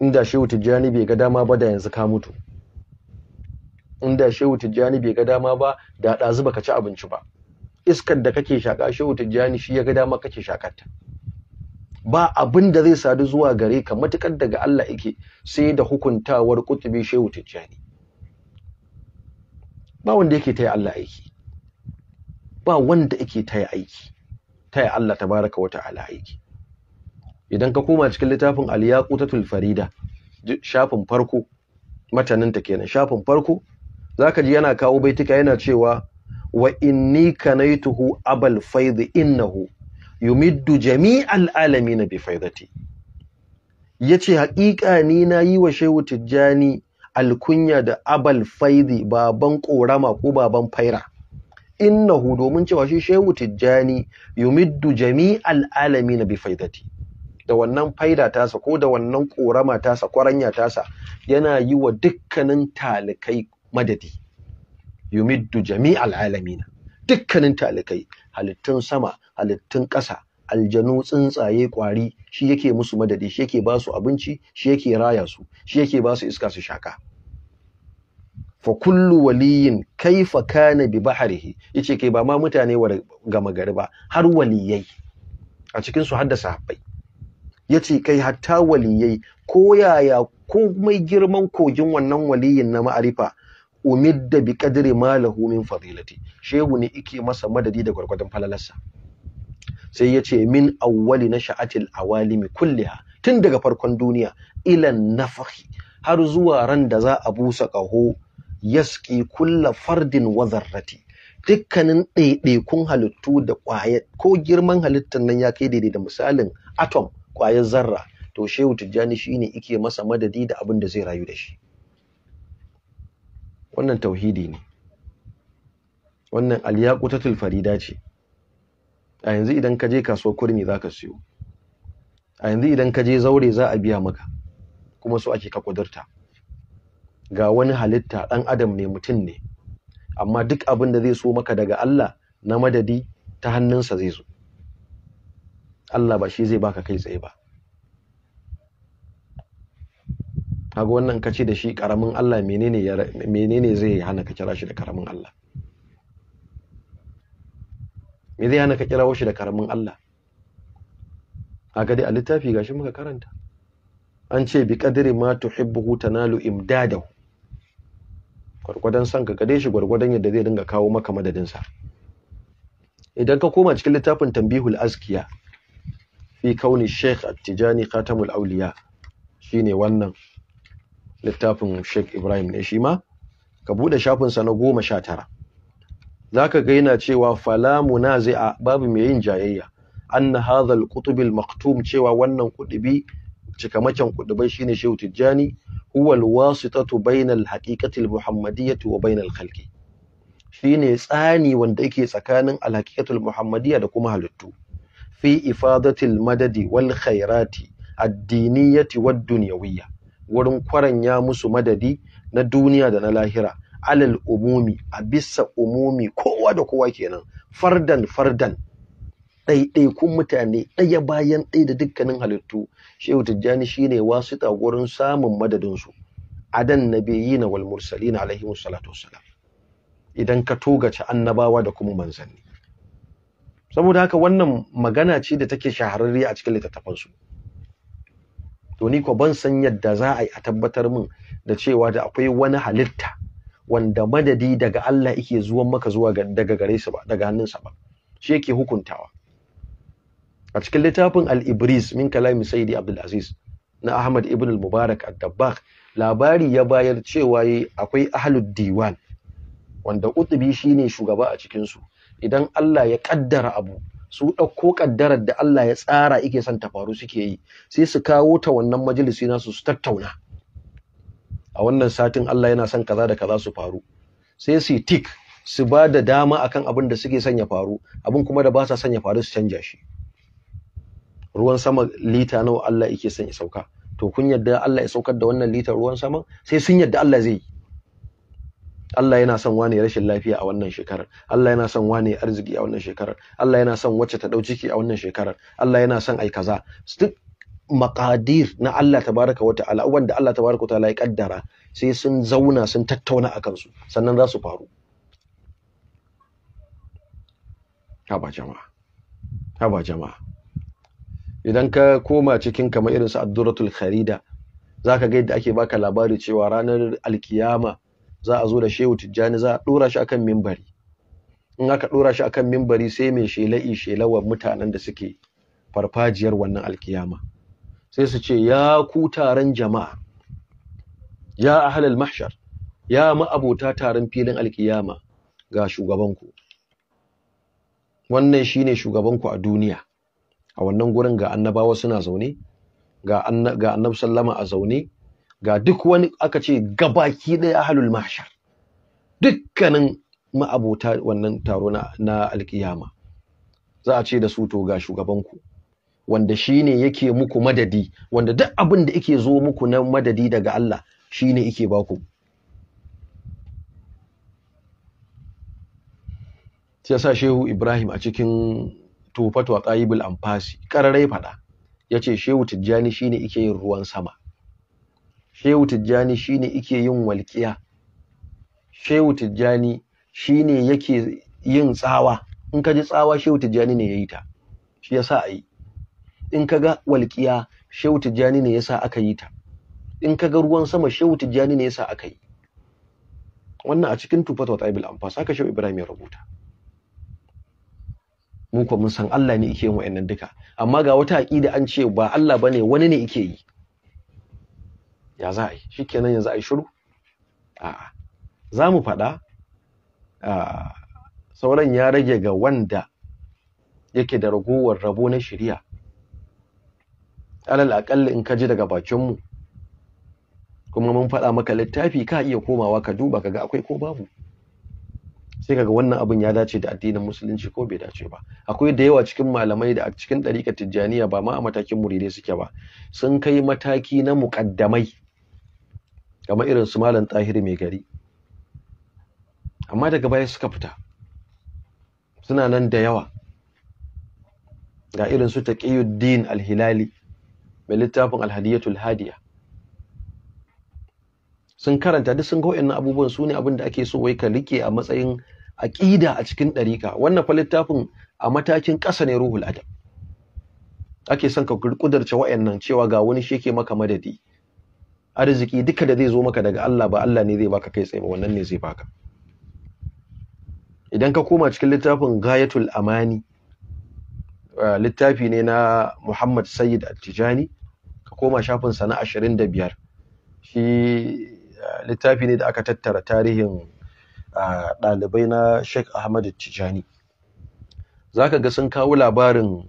inda shehu tijjani bai ga dama ba da yanzu ka mutu inda shehu tijjani bai ga dama ba da ɗazu baka ci abinci ba iskar da kake shaƙa shehu tijjani shi ya ga dama kake shakarta ba abin da zai sadu zuwa gare ka matukar daga Allah yake sai da hukuntawar kutubi shehu tijjani ba wanda yake taya Allah aiki ba wanda yake taya aiki taya Allah tabaraka wa ta'ala aiki idan ka koma cikin littafin al-yaqutatul farida shafin farko matanin ta kenan shafin farko zaka ji yana kawo baitika yana cewa wa inni kanaituhu abal faid innahu yumiddu jami'al alamin bi faidati yace haƙiƙa ni na yi wa shehu tijjani alkunya da abal faidi baban ƙorama ko baban faira innahu domin cewa shi shehu tijjani yumiddu jami'al alamin bi faidati da wannan faida tasa ko da wannan ƙorama tasa kwaranya tasa yana yi wa dukkanin talikai madadi yumiddu jami'al alamina dukkanin talikai halittun sama halittun ƙasa aljanu tsuntsaye kwari shi yake musu madadi shi yake basu abinci shi yake raya su shi yake basu iska su shaka fa kullu waliyin kaifa kana bi bahrihi yace kai ba ma mutane wa gama gari ba har waliyai a cikin su hadda sahabbai yace kai hatta waliyai ko yaya ko girman kogin wannan waliyin na ma'arifa umidda bi qadri malahu min fadilati shehu ne yake masa madadi da gwargwadon falalarsa sai yace min awwali nasha'atil awalimi kulliha tun daga farkon duniya ila nafahi har zuwa ran da za a busa ƙaho yaski kulla fardin wa zarrati dukkanin ɗaiɗaikun halittu da ƙwaya ko girman halittar nan ya kai daidai da misalin atom ƙwayar zarra to shehu tijjani shine ike masa madadi da abin da zai rayu da shi wannan tauhidi ne wannan aliyakutatul farida ce a yanzu idan ka je kasuwar kurmi za ka siyo a yanzu idan ka je zaure za a biya maka kuma so ake ka kudurta ga wani halitta ɗan adam ne mutum ne amma duk abin da zai so maka daga Allah na madadi ta hannunsa zai zo Allah ba shi zai baka kai tsaye ba kaga wannan kace da shi karamin Allah menene menene zai hana ka kira shi da karamin Allah me zai hana ka kira shi da karamin Allah kaga dai a littafi gashi muka karanta an ce bi qadri ma tuhibbu tanalu imdadahu gwargwadon sanka ka gade shi gwargwadon yadda zai dinga kawo maka madadin sa idan ka koma cikin littafin tambihul azkiya fi kauni sheikh at-tijani khatamul awliya shine wannan littafin Sheikh Ibrahim ne shi ma ka bude shafin sa na 19 zaka ga yana cewa fala munazi'a babu mai yin jayayya anna hadhal al maktum cewa wannan kudubi cikamakin kudubai shine Sheikh Tijjani huwa al-wasitatu bainal haqiqati al-muhammadiyyati wa bainal khalqi shine tsani wanda yake tsakanin al muhammadiyya da kuma halittu fi ifadatil madadi wal khairati ad wad-dunyawiyya wurin kwaranya musu madadi na duniya da na lahira alal umumi a bisa umumi kowa da kowa kenan fardan fardan kun mutane ɗaya bayan ɗaya da dukkanin halittu shehu tijjani shine wasita gurin samun madadinsu adan na wal mursalin alaihi salatu wassalam idan ka togace annabawa da kuma manzanni saboda haka wannan magana ce da take shahararri a cikin littattafansu to ni ko ban san yadda za a yi a tabbatar min da cewa da akwai wani halitta wanda madadi daga Allah yake zuwa maka zuwa daga gare shi ba daga hannunsa ba shi yake hukuntawa a cikin littafin al-ibris min kalami sayyidi abdul aziz na ahmad ibn al-mubarak ad-dabbagh labari ya bayar cewa akwai ahlud diwan wanda utubi shine shugaba a cikin su idan Allah ya kaddara abu su ɗauko ƙaddarar da Allah ya tsara ike son ta faru suke yi sai su kawo ta wannan majalisi nasu su tattauna a wannan satin Allah yana son kaza da kaza su faru sai su tik su ba da dama akan abin da suke son ya faru abin kuma da ba sa son ya faru su canja shi ruwan sama lita nawa Allah yake son ya sauka to kun yadda Allah ya saukar da wannan litar ruwan sama sai sun yadda Allah zai yi Allah yana son wani rashin lafiya a wannan shekarar Allah yana son wani arziki a wannan shekarar Allah yana son wacce ta dau ciki a wannan shekarar Allah yana son ai kaza duk maqadir na Allah tabaraka wa ta'ala wanda Allah tabaraka wa ta'ala ya kaddara sai sun zauna sun tattauna a kansu, sannan za su faru haba jama'a haba jama'a idan ka koma cikin kamar irin su abduratul kharida zaka ga yadda ake baka labari cewa ranar alkiyama za a zo da shehu tijjani za a ɗora shi akan mimbari in aka ɗora shi akan mimbari sai mai shela'i shelawa mutanen da suke farfajiyar wannan alkiyama sai su ce ya ku taron jama'a ya ahlal mahshar ya ma'abota taron filin alkiyama ga shugabanku wannan shine shugabanku a duniya a wannan gurin ga annabawa suna zaune ga annabi sallama a zaune ga duk wani aka ce gabaki ɗaya ahlul mashar dukkanin ma'abota wannan taro na, alkiyama za a ce da su to ga shugabanku wanda shi ne yake muku madadi wanda duk abin da yake zo muku na madadi daga Allah shi ne yake baku sai sa shehu Ibrahim a cikin tufatu tsayibul amfasi ƙararai faɗa ya ce shehu tijjani shi ne yake yin ruwan sama shehu tijjani shine ike yin walƙiya shehu tijjani shine yake yin tsawa in ka ji tsawa shehu tijjani ne ya yi ta shi ya sa a yi in ka ga walƙiya shehu tijjani ne ya sa aka yi ta in ka ga ruwan sama shehu tijjani ne ya sa aka yi wannan a cikin tufat wa taibil amfas haka shehu ibrahim ya rubuta mu kuwa mun san Allah ne yake yin wa'annan duka amma ga wata aqida an ce ba Allah bane wani ne yake yi ya za a yi shi kenan yanzu a yi shiru a'a za mu faɗa sauran ya rage ga wanda yake da ragowar rabo na shirya alal aƙalli in ka ji daga bakinmu kuma mun faɗa maka littafi ka iya komawa ka duba kaga akwai ko babu sai kaga wannan abin ya dace da addinin musulunci ko bai dace ba akwai da yawa cikin malamai da a cikin ɗariƙar tijjaniya ba ma a matakin muridai suke ba sun kai mataki na muƙaddamai kamar irin su malam tahiri mai gari amma daga baya suka fita suna nan da yawa ga irin su taqiyuddin al-hilali mai littafin al-hadiyatul hadiya sun karanta duk sun ga wayannan abubuwan su ne abin da ake so wai ka rike a matsayin aqida a cikin ɗarika. wannan fa littafin a matakin ƙasa ne ruhul adab ake son ka kudurce wayannan cewa ga wani shi yake maka madadi arziki duka da zai zo maka daga Allah ba Allah ne zai baka kai tsaye ba wannan ne zai baka idan ka koma cikin littafin gayatul amani eh, littafi ne na Muhammad Sayyid Al-Tijani ka koma shafin sa na 25 shi eh, littafi ne da aka tattara tarihin eh, ɗalibai na Sheikh Ahmad Tijani zaka ga sun kawo labarin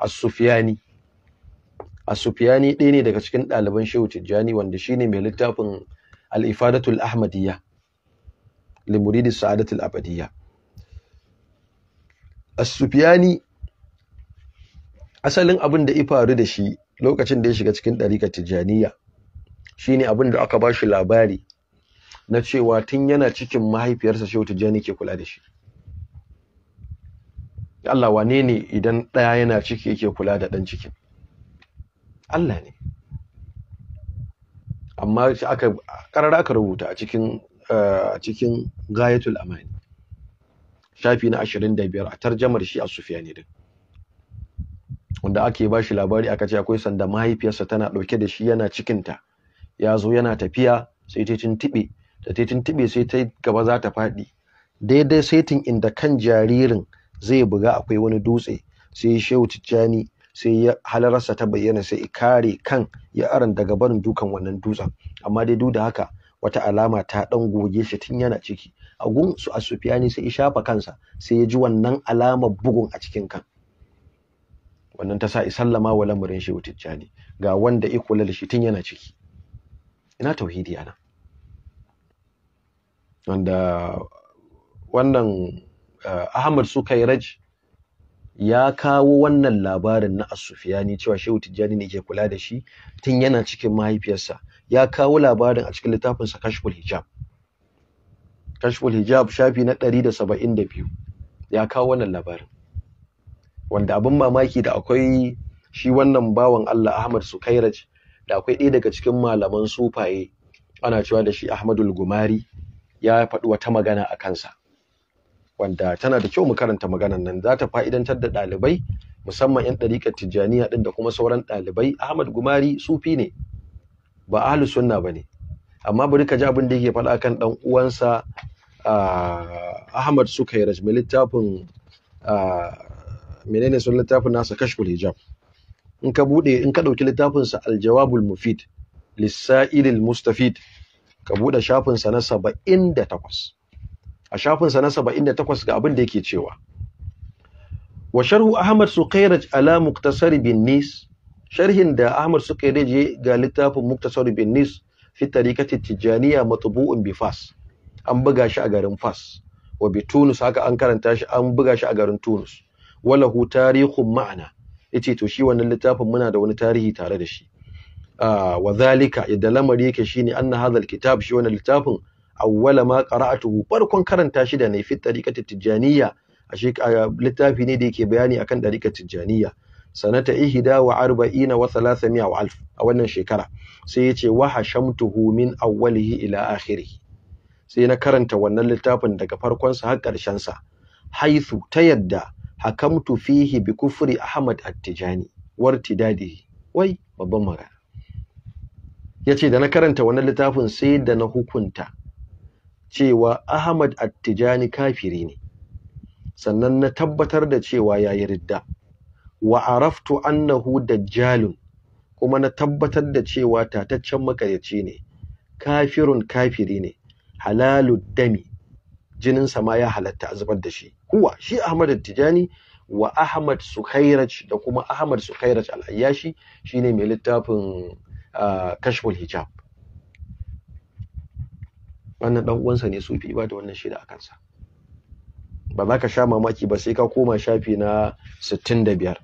As-Sufyani Asufiyani ɗaya ne daga cikin ɗaliban Shehu Tijjani wanda shine mai littafin Al-Ifadatul Ahmadiyya li muridi Sa'adatul Abadiyya. as asalin abin da ifaru da shi lokacin da ya shiga cikin ɗarika Tijjaniya shine abin da aka ba shi labari na cewa tun yana cikin mahaifiyarsa Shehu Tijjani ke kula da shi. Allah wane ne idan ɗaya yana ciki yake kula da ɗan cikin? Allah ne amma shi aka karar aka rubuta a cikin eh, a cikin gayatul amani shafi na 25 a tarjamar shi a sufiyani din wanda ake ba shi labari aka ce akwai sanda mahaifiyarsa tana ɗauke da shi yana cikinta ya zo yana tafiya sai ta tuntuɓe da ta tuntuɓe sai ta gaba za ta faɗi daidai saitin inda kan jaririn zai buga akwai wani dutse sai shehu tijjani sai ya halararsa ta bayyana sai kare kan ya aran daga barin dukan wannan dutsen amma dai duk da haka wata alama ta dan goge shi tun yana ciki a gun su asufiyani sai ya shafa kansa sai ya ji wannan alamar bugun a cikin kan wannan ta sa i wa lamarin shi wutijjani ga wanda ya kula shi tun yana ciki ina tauhidi ana wanda wannan eh, Ahmad Sukairaj ya kawo wannan labarin na asufiyani cewa shehu tijjani ne ke kula da shi tun yana cikin mahaifiyarsa ya kawo labarin a cikin littafinsa kashful hijab kashful hijab shafi na ɗari da da saba'in biyu ya kawo wannan labarin wanda abin mamaki da akwai shi wannan bawan Allah Ahmad Sukairaj da akwai ɗaya daga cikin malaman sufaye ana cewa da shi Ahmadul Gumari ya faɗi wata magana a kansa wanda tana da kyau mu karanta maganan nan za ta fa'idantar da ɗalibai musamman 'yan ɗariƙar tijjaniya ɗin da kuma sauran ɗalibai ahmad gumari sufi ne ba ahlu sunna ba ne amma bari ka ji abin da yake faɗa kan ɗan uwansa ahmad suka yi rajmi littafin menene sun littafin nasa kashful hijab in ka buɗe in ka ɗauki littafinsa aljawabul mufid lissa'ilil mustafid ka buɗe shafinsa na saba'in da takwas a shafin sa na 78 ga abin da yake cewa wa sharhu ahmad suqairaj ala muktasar bin nis sharhin da ahmad suqairaj ya ga littafin muktasar bin nis fi tariqati tijaniya matbu'un bi fas an buga shi a garin fas wa bi tunus haka an karanta shi an buga shi a garin tunus walahu tarihun ma'ana yace to shi wannan littafin muna da wani tarihi tare da shi ah, wa zalika idan lamari yake shine anna hadha alkitab shi wannan littafin awwala ma qara'atuhu farkon karanta shi da ne fi tariqati tijaniyya a littafi ne da yake bayani akan tariqati tijaniyya sanata ihda wa arba'ina wa thalathamia wa alf a wannan shekara sai ya ce wa hashamtuhu min awwalihi ila akhirih sai na karanta wannan littafin daga farkon sa har karshen sa haithu ta yadda hakamtu fihi bi kufri ahmad at-tijani wartidadihi wai babban magana yace da na karanta wannan littafin sai da na hukunta cewa Ahmad Attijani kafiri ne sannan na tabbatar da cewa yayi ridda wa araftu annahu dajjalun kuma na tabbatar da cewa tataccen makaryaci ne kafirun kafiri ne halalud dami jinin sa ma ya halatta a zubar da shi Kuwa shi Ahmad Attijani wa Ahmad Sukhairaj da kuma Ahmad Sukhairaj al-Ayyashi shine mai littafin ah, kashful hijab wannan dan uwansa ne sufi ba da wannan shaida a kansa ba za ka sha mamaki ba sai ka koma shafi na 65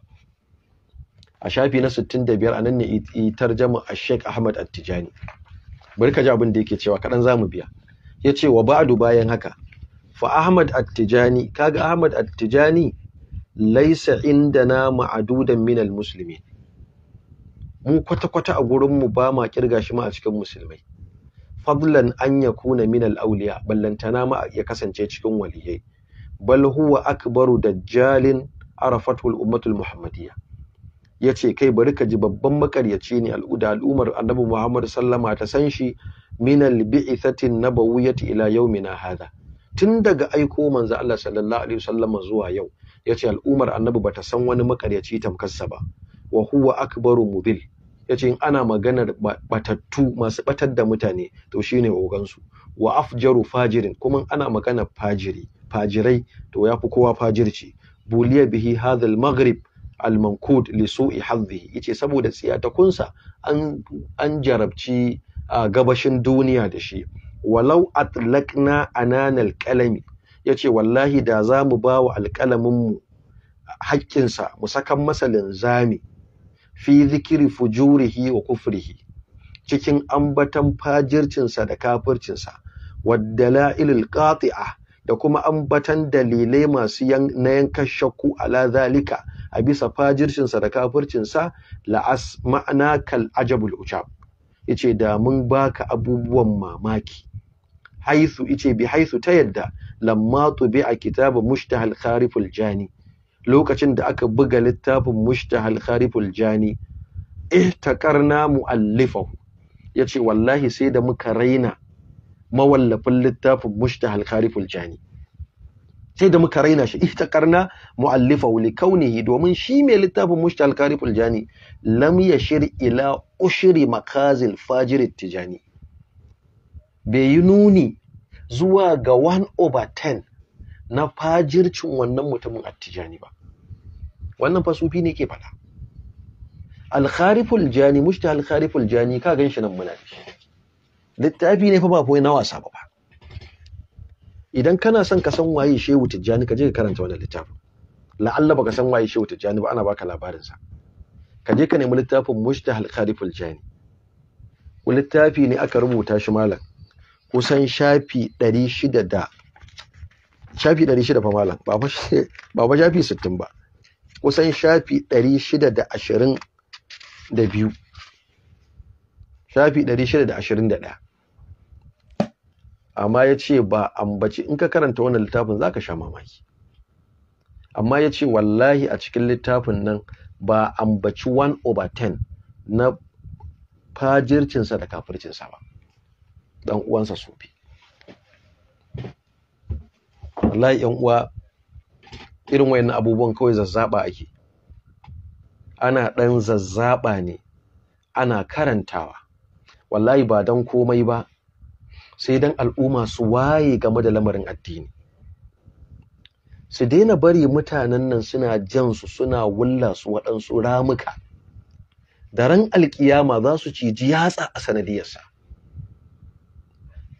a shafi na 65 anan ne tarjama a Sheikh Ahmad At-Tijani bari ka ji abin da yake cewa kadan zamu biya yace wa ba'du bayan haka fa Ahmad At-Tijani kaga Ahmad At-Tijani laysa indana ma'adudan minal muslimin mu kwata-kwata a mu ba ma kirga shi ma a cikin musulmai fadlan an yakuna min al-awliya ballantana ma ya kasance cikin waliyyai. bal huwa akbaru dajjalin arafatu al-ummatu al-muhammadiyya yace kai bari ka ji babban makaryaci ne al'uda al'umar annabi Muhammad sallama ta san shi min al-bi'thati nabawiyyati ila yawmina hadha tun daga aiko manzo Allah sallallahu alaihi wasallam zuwa yau yace al'umar annabi bata san wani makaryaci tamkarsa ba wa huwa akbaru mubil ya ana maganar batattu masu batar da mutane to shine ogansu wa afjaru fajirin kuma ana maganar fajiri fajirai to yafi kowa fajirci buliya bihi hadhal maghrib al mankud li su'i hadhihi yace saboda tsiya ta kunsa an an jarabci a gabashin duniya da shi walau atlaqna ananal qalami yace wallahi da za zamu bawa alkalamin mu haƙƙinsa mu sakan masa linzami fi zikiri fujurihi wa kufrihi cikin ambatan fajircinsa da kafircinsa waddala'ilil qati'a da kuma ambatan dalilai masu na yankan shakku ala zalika a bisa fajircinsa da kafircinsa la'as ma'ana kal ajabul ujab yace da mun baka abubuwan mamaki haisu ice bi haisu ta yadda lamma tubi a kitabun mushtahal khariful jani lokacin da aka buga littafin mushtahal khariful jani ihtaqarna mu'allifahu yace wallahi sai da muka raina mawallafin littafin mushtahal khariful jani sai da muka raina shi ihtaqarna mu'allifahu li kaunihi domin shi mai littafin mushtahal khariful jani lam yashir ila ushri makazil fajir tijani bai yi nuni zuwa ga 1 over 10 na fajircin wannan mutumin attijani ba wannan fasufi ne ke faɗa alkhariful jani mushta alkhariful jani ka ganshi nan muna littafi ne fa ba koyi na wasa ba idan kana son ka san waye shehu tijjani ka je ka karanta wannan littafin la'alla baka san waye shehu tijjani ba ana baka labarin sa ka je ka nemi littafin mushta alkhariful jani jani littafi ne aka rubuta shi malam kusan shafi ɗari da. shafi shida fa malam ba fa shafi sittin ba kusan shafi ɗari shida da da ashirin biyu. shafi ɗari shida da da ashirin ɗaya. amma ya ce ba ambaci in ka karanta wannan littafin za ka sha mamaki amma ya ce wallahi a cikin littafin nan ba ambaci 1 over 10 na fajircinsa da kafircinsa ba ɗan uwansa su wallahi yan uwa irin wayannan abubuwan kawai zazzaba ake ana dan zazzaba ne ana karantawa wallahi ba dan komai ba sai dan al'umma su waye game da lamarin addini su daina bari mutanen nan suna jan su suna wulla su waɗansu ramuka da ran alƙiyama za su ciji yatsa a sanadiyarsa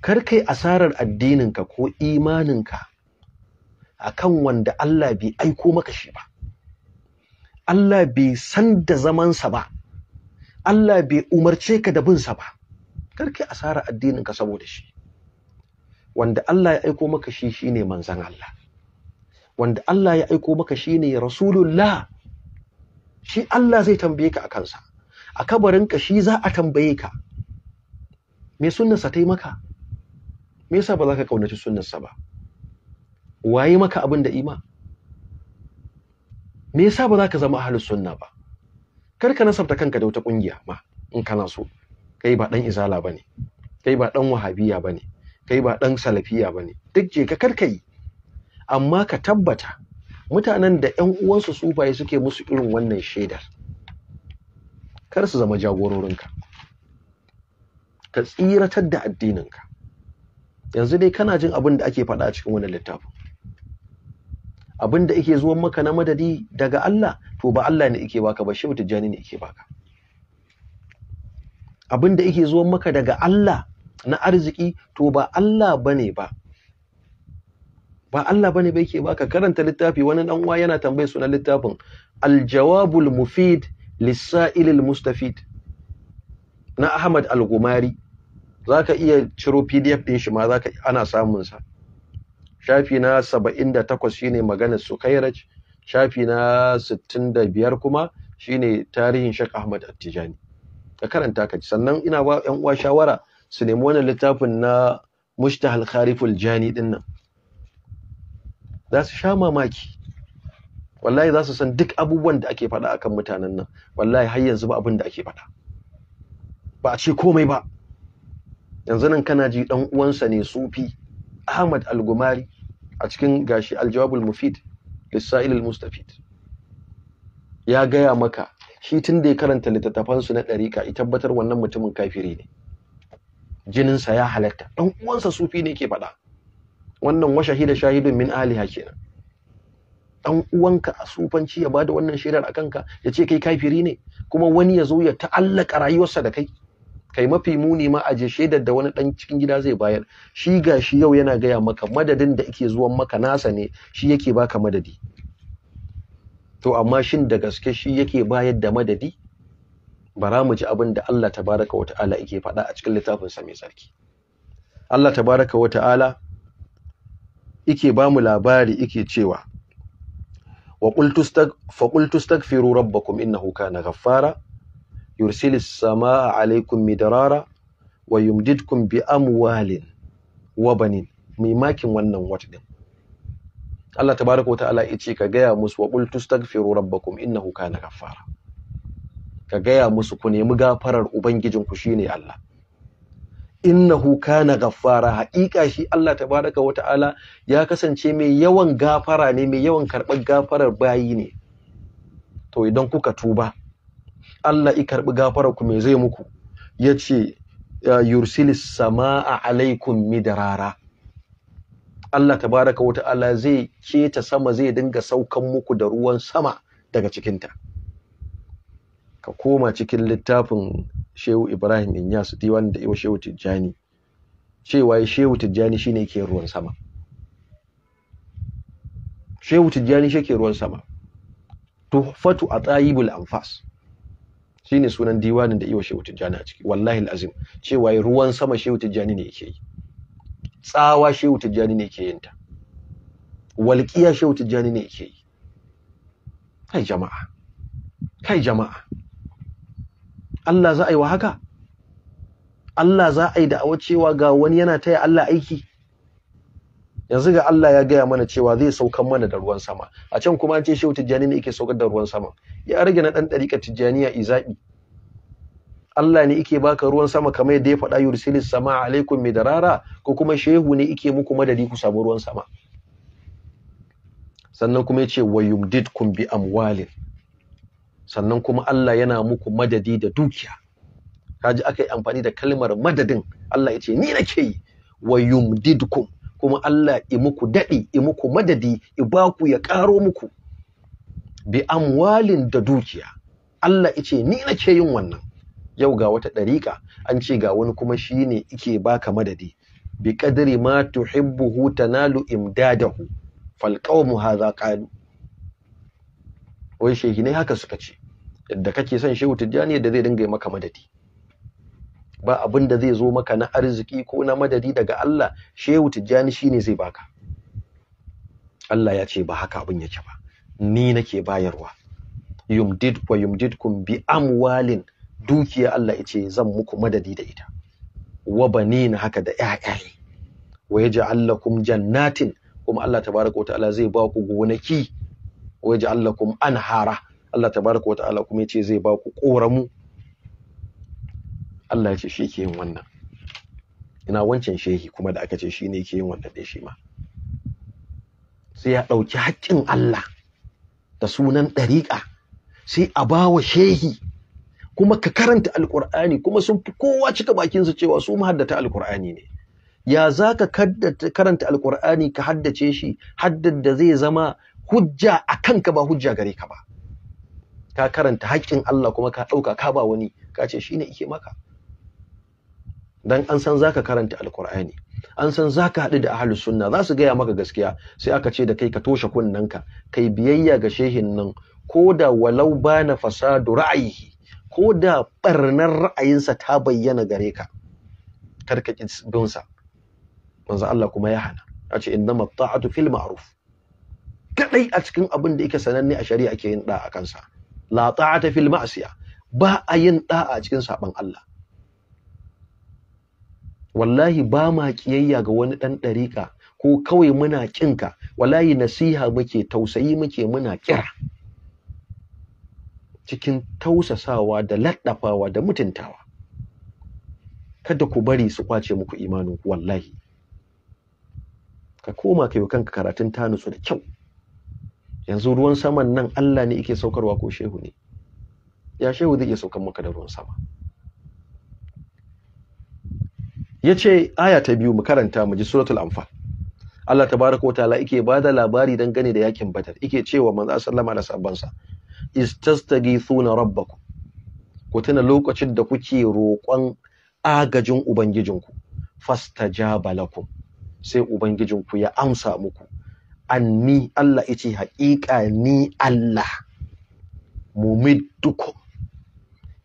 kar kai asarar addininka ko imaninka akan wanda Allah bai aiko maka shi ba Allah bai san da zamansa ba Allah bai umarce ka da binsa ba kar karki asara addininka saboda shi wanda Allah ya aiko maka shi shine manzon Allah wanda Allah ya aiko maka shine rasulullah shi Allah zai tambaye ka akan sa a kabarin ka shi za a tambaye ka me sunnarsa ta yi maka me yasa ba za ka kaunaci sunnarsa ba waye maka abin da ima me yasa ba za ka zama ahlus sunna ba kar ka nasabta kanka da wata kungiya ma in kana so kai ba dan izala bane kai ba dan wahabiya bane kai ba dan salafiya bane duk je ka karkai amma ka tabbata mutanen da ƴan uwansu sufaye suke musu irin wannan shaidar kar su zama jagororinka ka tsiratar da addininka yanzu dai kana jin abin da ake faɗa a cikin wannan littafin abin da yake zuwan maka na madadi daga Allah to ba Allah ne yake baka ba shehu tijjani ne yake baka abin da yake zuwan maka daga Allah na arziki to ba Allah bane ba ba Allah bane ba yake baka karanta littafi wani dan uwa yana tambaye sunan littafin al-jawabul mufid lisa'ilil mustafid na Ahmad Al-Gumari zaka iya ciro PDF din shi ma zaka ana samun sa shafi na saba'in da takwas shine maganar kairaj shafi na sittin da biyar kuma shine tarihin Sheikh Ahmad Attijani ka karanta ka ci sannan ina ba 'yan uwa shawara su nemi wannan littafin na Mushtahal Khariful Jani din nan za su sha mamaki wallahi za su san duk abubuwan da ake faɗa akan mutanen nan wallahi har yanzu ba abin da ake faɗa ba a ce komai ba yanzu nan kana ji dan uwansa ne sufi Ahmad Algumari a cikin gashi aljawabul mufid lissa'il mustafid ya gaya maka shi tun da ya karanta littattafansu na ɗarika, ya tabbatar wannan mutumin kafiri ne jininsa ya halatta ɗan uwansa sufi ne ke faɗa wannan wa shahida shahidun min aliha kenan ɗan uwanka a sufanci ya bada wannan shaidar akan ka ya ce kai kafiri ne kuma wani ya zo ya ta'allaka rayuwarsa da kai kai mafi muni ma aje shaidar da wani dan cikin gida zai bayar shi ga shi yau yana gaya maka madadin da yake zuwan maka nasa ne shi yake baka madadi to amma shin da gaske shi yake bayar da madadi bara mu ji abin da Allah tabaraka wa ta'ala yake faɗa a cikin littafin sa mai sarki Allah tabaraka wa ta'ala yake ba mu labari yake cewa wa qultu faƙultu stagfiru rabbakum innahu kana ghaffara yursil as-samaa alaikum midrara wa yumdidkum bi amwalin wa banin mai makin wannan wata din Allah tabaraka wa ta'ala yace ka gaya musu wa qul tastaghfiru rabbakum innahu kana ghaffara ka gaya musu ku nemi gafarar ku shine Allah In innahu na gafara haƙiƙa shi Allah tabaraka wa ta'ala ya kasance mai yawan gafara ne mai yawan karɓar gafarar bayi ne to idan kuka tuba Allah i karɓi gafararku me zai muku ya yace yursilis a alaikum rara. Allah ta baraka wata allah zai keta sama zai dinga saukan muku da ruwan sama daga cikinta ka koma cikin littafin Shehu Ibrahim inyasu diwan da Iwa Shehu Tijjani cewa Shehu Tijjani shine ke ruwan sama Shehu Tijjani shi ke ruwan sama tuhfatu atayibul anfas shine sunan diwanin da iwa shehu tijjani a ciki wallahi alazim cewa ruwan sama shehu tijjani ne yake yi tsawa shehu tijjani ne yake yin ta walƙiya shehu tijjani ne yake yi kai jama'a kai jama'a Allah za a yi wa haka Allah za a yi awa cewa ga wani yana taya Allah aiki yanzu ga Allah ya gaya mana cewa zai saukan mana da ruwan sama a can kuma an ce shehu tijjani ne yake saukar da ruwan sama ya rage na dan dariƙar tijjaniya izabi Allah ne yake baka ruwan sama kamar yadda ya faɗa yursilis sama alaikum midarara ko kuma shehu ne yake muku madadi ku samu ruwan sama sannan kuma yace wayumdidkum bi amwalin sannan kuma Allah yana muku madadi da dukiya kaji aka yi amfani da kalmar madadin Allah yace ni nake yi wayumdidkum kuma Allah i muku daɗi i muku madadi i ku ya ƙaro muku bi amwalin da dukiya Allah ce ni na nake yin wannan yau ga wata ɗariƙa an ce ga wani kuma shi ne ike baka madadi bi qadri ma tuhibbuhu tanalu imdadahu fal qawmu hadha qalu wai shehi ne haka suka ce da kake son shehu tijjani da zai dinga maka madadi ba abin da zai zo maka na arziki ko na madadi daga Allah shehu tijjani shi ne zai baka Allah ya ce ba haka abin yake ba ni nake bayarwa yumdid wa yumdidkum bi amwalin dukiya Allah yace zan muku madadi da ita wa banin haka da ƴaƴaye wa yaj'al lakum jannatin kuma Allah tabaraka wa ta'ala zai ba ku gonaki wa yaj'al lakum anhara Allah tabaraka wa ta'ala kuma yace zai ba ku koramu Allah ya ce shi ke yin wannan ina wancan shehi kuma da aka ce shi ne ke yin wannan ɗin shi ma sai ya ɗauki haƙƙin Allah da sunan ɗariƙa sai a bawa shehi kuma ka karanta alƙur'ani kuma sun fi kowa cika su cewa su haddata alƙur'ani ne ya za ka karanta alƙur'ani ka haddace shi haddar da zai zama hujja a kanka ba hujja gare ka ba ka karanta haƙƙin Allah kuma ka ɗauka ka ba wani ka ce shi ne ike maka dan an san zaka karanta alkur'ani an san zaka haɗu da ahlus sunna za su gaya maka gaskiya sai aka ce da kai ka toshe ka, kai biyayya ga shehin nan koda da walau bana fasadu ra'ayi ko da barnar ra'ayinsa ta bayyana gare ka karka ki bin sa manzo Allah kuma ya hana a ce innama ta'atu fil ma'ruf kadai a cikin abin da yake sananne a shari'a ake yin da'a kansa la ta'ata fil ma'siya ba a yin da'a a cikin saban Allah wallahi ba ma kiyayya ga wani ɗan ɗariƙa ko kawai muna ƙinka wallahi nasiha muke tausayi muke muna kira cikin tausasawa da laɗafawa da mutuntawa kada ku bari su kwace muku imanin wallahi ka koma kai kanka karatun ta da kyau yanzu ruwan saman nan Allah ne yake saukarwa ko shehu ne ya shehu zai iya saukar maka da ruwan sama Ya yace aya ta biyu mu karanta mu ji suratul anfal Allah ta tabaraka wataala yake bada labari dangane da yakin badar yake cewa manzo sallama da sabban sa istastaghithuna rabbakum ku tuna lokacin da kuke roƙon agajin ubangijinku fastajaba lakum sai ubangijinku ya amsa muku anni Allah yace haƙiƙa ni Allah mumiddukum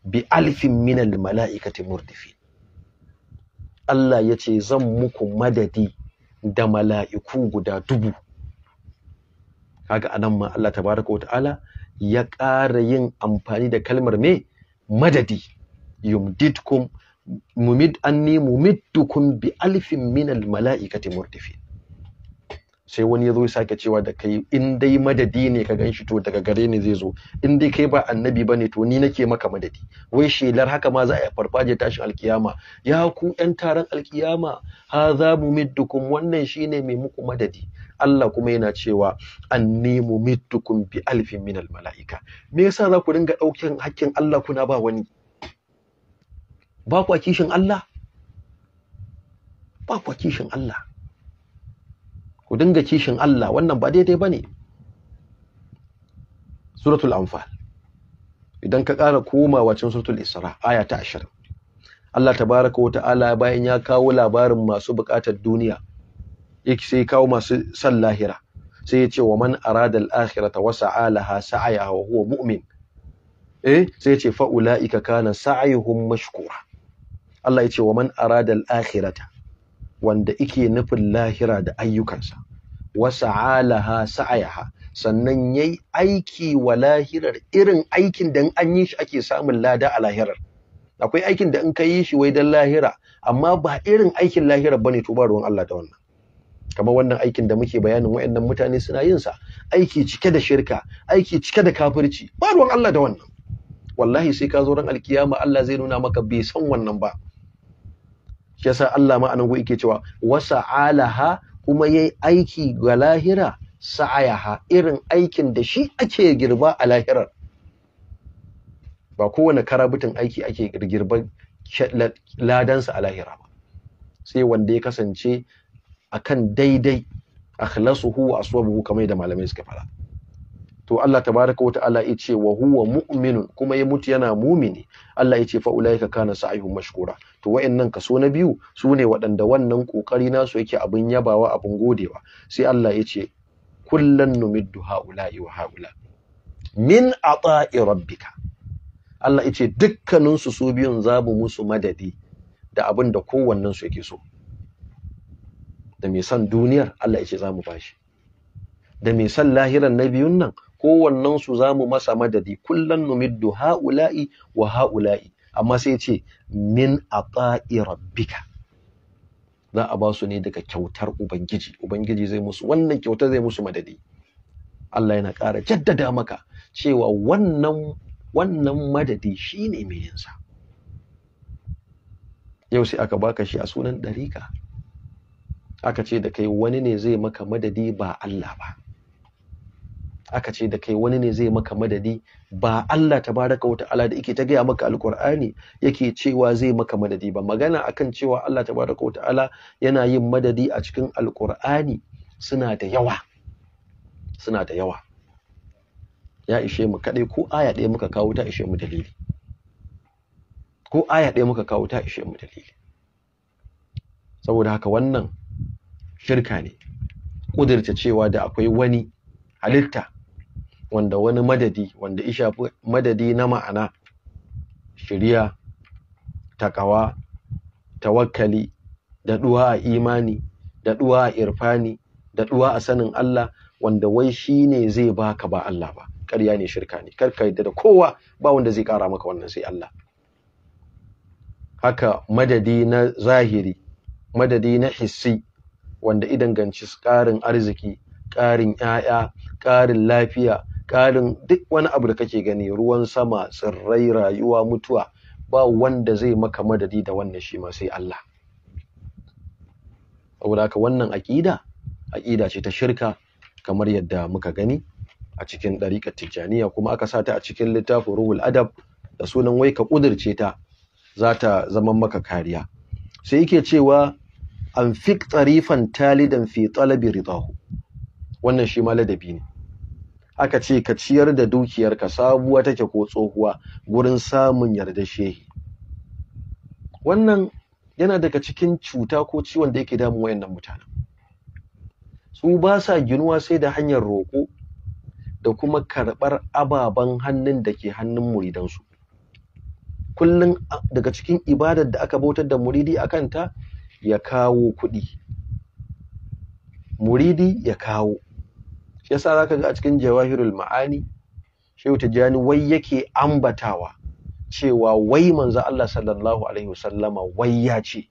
bi alfin minal mala'ikati murdifin Allah ya ce zan muku madadi da mala'iku guda dubu kaga anan ma Allah tabaraka wata'ala ya ƙara yin amfani da kalmar me madadi yumdidkum mumid anni mumiddukum bi alfin minal mala'ikati murdifin sai wani ya zo ya sake cewa da kai in dai madadi ne ka ganshi to daga gare ni zai zo in dai kai ba annabi ba ne to ni nake maka madadi wai shelar haka ma za a farfaje tashin alkiyama ya ku yan taron alkiyama hadha mumiddukum wannan shine mai muku madadi Allah kuma yana cewa anni mumiddukum bi alfin minal malaika me yasa za ku dinga daukin hakkin Allah kuna ba wani ba ku kishin Allah ba ku kishin Allah ku dinga kishin Allah wannan ba daidai ne. suratul anfal idan ka ƙara komawa cikin suratul isra aya ta ashirin. Allah tabaraka wata'ala bayan ya kawo labarin masu buƙatar duniya yake sai kawo masu san lahira sai ya ce wa man arada akhirata wa sa'a laha wa huwa mu'min eh sai ya ce fa ulaika kana sa'yuhum mashkura Allah ya ce wa man arada akhirata wanda ike nufin lahira da ayyukansa wasa alaha sa'ayaha sannan yayi aiki wa lahirar irin aikin da an yi shi ake samun lada a lahirar akwai aikin da in ka yi shi wai dan lahira amma ba irin aikin lahira bane to ba ruwan Allah da wannan kamar wannan aikin da muke bayanin wayannan mutane suna yin sa aiki cike da shirka aiki cike da kafirci ba ruwan Allah da wannan wallahi sai ka zo ran alkiyama Allah zai nuna maka bai san wannan ba shi yasa Allah ma anan yake cewa wasa alaha kuma yayi aiki ga lahira sa'ayaha irin aikin da shi ake girba a lahirar ba kowane karabitin aiki ake girban ladansa a lahira ba sai wanda ya kasance akan daidai akhlasuhu wa aswabuhu kamar da malamai suka fara to Allah tabaraka wa ta'ala ya ce wa huwa mu'minun kuma ya mutu yana mumini Allah yace ce fa ulaika kana sa'ihum mashkura to wa'annan kaso na biyu sune ne waɗanda wannan kokari nasu yake abin yabawa abin godewa sai Allah yace kullan numiddu haula'i wa haula min ata'i rabbika Allah ya dukkanin su su biyun zabu musu madadi da abin da kowannen su yake so da mai son duniyar Allah yace zamu bashi da mai san lahiran na biyun nan kowannen su zamu masa madadi kullan numiddu haula'i wa haula'i amma sai ce min ata'i rabbika za a ba su ne daga kyautar ubangiji ubangiji zai musu wannan kyautar zai musu madadi Allah yana ƙara jaddada maka cewa wannan wannan madadi shine mai yinsa yau sai aka baka shi a sunan ɗarika aka ce da kai wani ne zai maka madadi ba Allah ba aka ce da kai wani ne zai maka madadi ba Allah tabaraka wa ta'ala da yake ta gaya maka alkur'ani yake cewa zai maka madadi ba magana akan cewa Allah tabaraka wa ta'ala yana yin madadi a cikin alkur'ani suna da yawa suna da yawa ya ishe mu kadai ko aya ɗaya muka kawo ta ishe mu dalili ko aya ɗaya muka kawo ta ishe mu dalili saboda haka wannan shirka ne ƙudurta cewa da akwai wani halitta wanda wani madadi wanda ya shafi madadi na ma'ana shirya takawa tawakkali daɗuwa a imani daɗuwa a irfani daɗuwa a sanin Allah wanda wai shi ne zai baka ba Allah ba ƙarya ne shirka ne kar yadda da kowa ba wanda zai ƙara maka wannan sai Allah haka madadi na zahiri madadi na hissi wanda idan ganci ƙarin arziki ƙarin ‘ya'ya ƙarin lafiya ƙarin duk wani abu da kake gani ruwan sama tsirrai rayuwa mutuwa ba wanda zai maka madadi da wannan shi ma sai Allah saboda haka wannan aƙida aƙida ce ta shirka kamar yadda muka gani a cikin ɗariƙar tijjaniya kuma aka sa ta a cikin littafin ruhul adab da sunan wai ka ƙudirce ta za ta zama maka kariya sai yake cewa an talidan fi talabi wannan shi ma ladabi ne aka ce ka ciyar da dukiyarka sabuwa take ko tsohuwa gurin samun yarda shehi wannan yana daga cikin cuta ko ciwon da yake damun wayannan mutanen su ba sa ginuwa sai da hanyar roƙo da kuma karɓar ababen hannun da ke hannun muridansu kullum daga cikin ibadar da aka bautar da muridi a kanta ya kawo kuɗi muridi ya kawo yasa zaka ga a cikin jawahirul ma'ani shehu tijjani wai yake ambatawa cewa wai manzo Allah sallallahu alaihi wasallama wai ya ce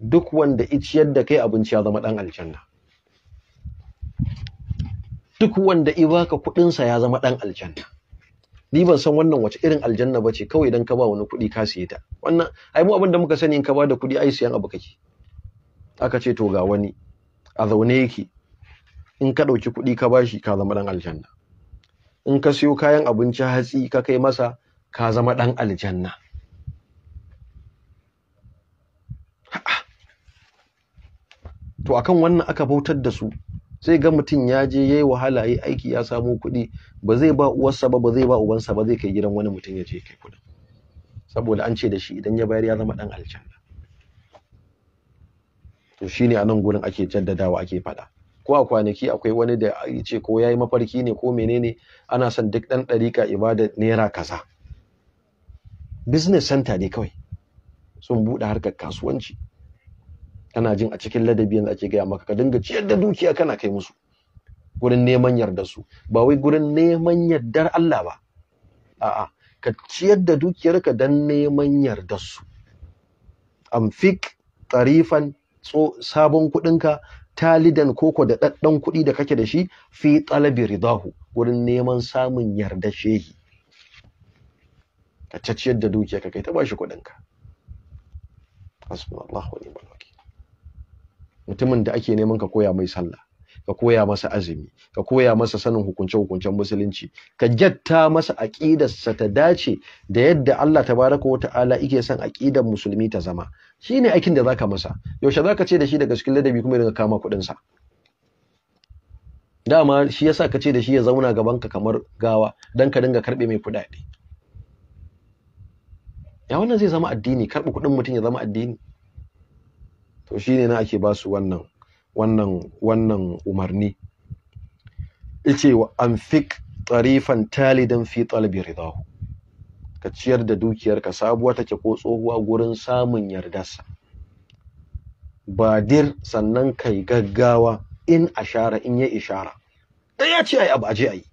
duk wanda iciyar da kai abinci ya zama dan aljanna duk wanda ibaka baka kudin sa ya zama dan aljanna ni ban san wannan wace irin aljanna bace kawai dan ka ba wani kudi ka siye ta wannan ai mu abin da muka sani in ka ba da kudi ai siyan abu kake aka ce to ga wani a zaune yake in ka ɗauki kuɗi ka bashi ka zama ɗan aljanna in ka siyo kayan abinci hatsi ka kai masa ka zama ɗan aljanna to akan wannan aka bautar da su sai ga mutum ya je ya yi wahala ya aiki ya samo kuɗi ba zai ba uwarsa ba ba zai ba ubansa ba zai kai gidan wani mutum ya je kai kuɗin saboda an ce da shi idan ya bayar ya zama ɗan aljanna to shine a nan gurin ake jaddadawa ake faɗa ko a kwanaki akwai wani da ya ce ko ya yi mafarki ne ko menene ana son duk ɗan ɗarika ibada naira kaza business center ne kawai sun buɗe harkar kasuwanci Ana jin a cikin ladabi yanzu ake gaya maka ka dinga ciyar da dukiya kana kai musu gurin neman yarda su ba wai gurin neman yardar Allah ba a'a ka ciyar da dukiyarka dan neman yarda su amfik tarifan sabon kuɗinka talidan koko da ɗaɗɗan kuɗi da kake da shi fi talabi ridahu wurin neman samun yarda shehi ka caciyar da dukiya ka kai ta bashi kuɗinka hasbunallahu wa ni'mal wakil mutumin da ake neman ka koya mai sallah ka koya masa azumi ka koya masa sanin hukunce hukuncen musulunci ka jatta masa aqidarsa ta dace da yadda Allah tabaraka wa ta'ala yake son aqidar musulmi ta zama shine aikin da zaka masa yaushe zaka ce da shi daga cikin ladabi kuma daga kama kudin sa dama shi yasa ka ce da shi ya zauna gaban ka kamar gawa dan ka dinga karbe mai kuɗaɗe ya wannan zai zama addini karɓi kuɗin mutum ya zama addini to shine na ake basu wannan wannan wannan umarni yace wa anfiq tarifan talidan fi talabi ridahu ka ciyar da dukiyarka sabuwa take ko tsohuwa gurin samun yardarsa badir sannan kai gaggawa in ashara in ya ishara dan ya ce ai abu aje ai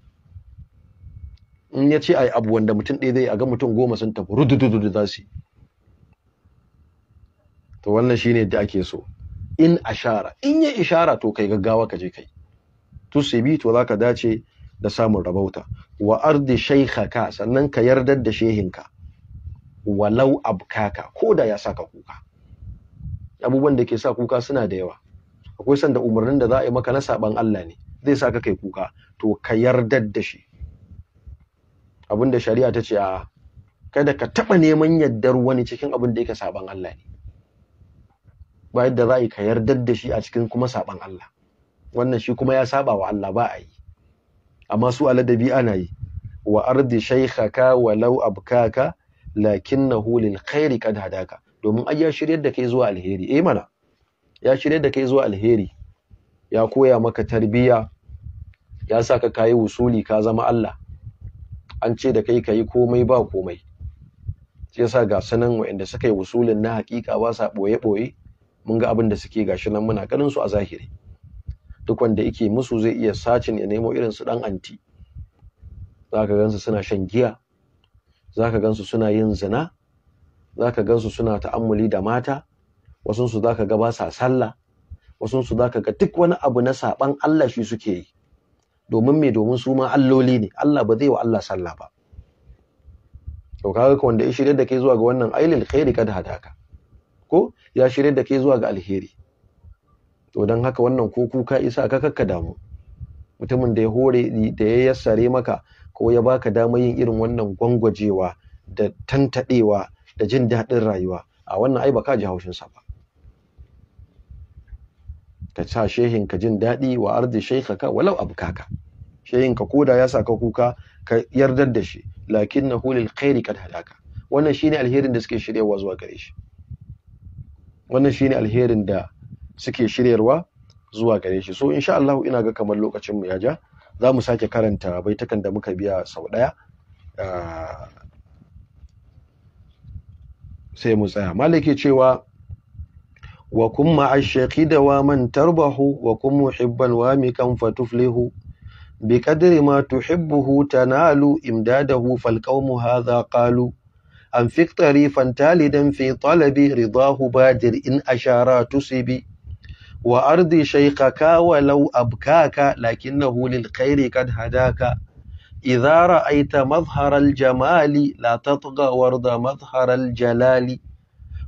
in ya ce ai abu wanda mutum ɗaya zai a ga mutum goma sun tafi rudududu za su to wannan shine da ake so in ashara in ya ishara to kai gaggawa ka je kai tusibi to zaka dace da samun rabauta wa ardi shaykhaka sannan ka yardar da ka. walau abkaka ko da ya saka kuka abubuwan da ke sa kuka suna da yawa akwai sanda umarnin da za a yi maka na saban Allah ne zai saka kai kuka to ka yardar da shi abinda shari'a ta ce a kada ka taba neman yardar wani cikin abin da yake saban Allah ne ba yadda za ka yardar da shi a cikin kuma saban Allah wannan shi kuma ya saba wa Allah ba a yi amma su aladabi ana yi wa ardi shaykhaka law abkaka lakinnahu lil khairi kad hadaka domin ai ya shiryar da kai zuwa alheri eh mana ya shiryar da kai zuwa alheri ya koya maka tarbiya ya sa ka kayi wusuli ka zama Allah an ce da kai kayi komai ba komai shi yasa ga sanan wa'anda suka yi wusulin na hakika ba sa boye boye mun ga abin da suke gashi nan muna ganin su a zahiri duk wanda yake musu zai iya sacin ya nemo irin su dan anti zaka gansu suna shan giya zaka gansu suna yin zina zaka gansu suna ta'ammuli da mata wasun su zaka ga ba sa sallah wasun su zaka ga duk wani abu na saban Allah shi suke yi domin me domin su ma alloli ne Allah ba zai wa Allah sallah ba to kaga wanda ya shirye da kai zuwa ga wannan ailil khairi kad hadaka ko ya shirya da kai zuwa ga alheri to don haka wannan ko kuka isa ka kakka damu mutumin da ya hore da ya yassare maka ko ya baka damar yin irin wannan gwangwajewa da tantadewa da jin daɗin rayuwa a wannan ai baka ji haushin sa ba ka sa shehin ka jin daɗi wa ardi shaykhaka walau abkaka shehin ka koda ya saka kuka ka yardar da shi lakin lakinnahu lil khairi kad hadaka wannan shine alherin da suke shiryawa zuwa gare shi wannan shine alherin da suke shiryarwa zuwa gare shi so insha Allah ina ga kamar lokacin mu ya ja za mu sake karanta baitakan da muka biya sau daya ah, sai mu tsaya malike cewa wa kun ma'ashaki da wa man tarbahu wa kum muhibban wa kan fatuflihu bi kadri ma tuhibbuhu tanalu imdadahu fal qawmu hadha qalu anfi tarifan talidan fi talabi ridahu badir in ashara tusibi wa ardi shaykaka wa law abkaka lakinnahu lil khairi kad hadaka idza ra'aita mazhara jamali la tatgha warda mazhara al jalali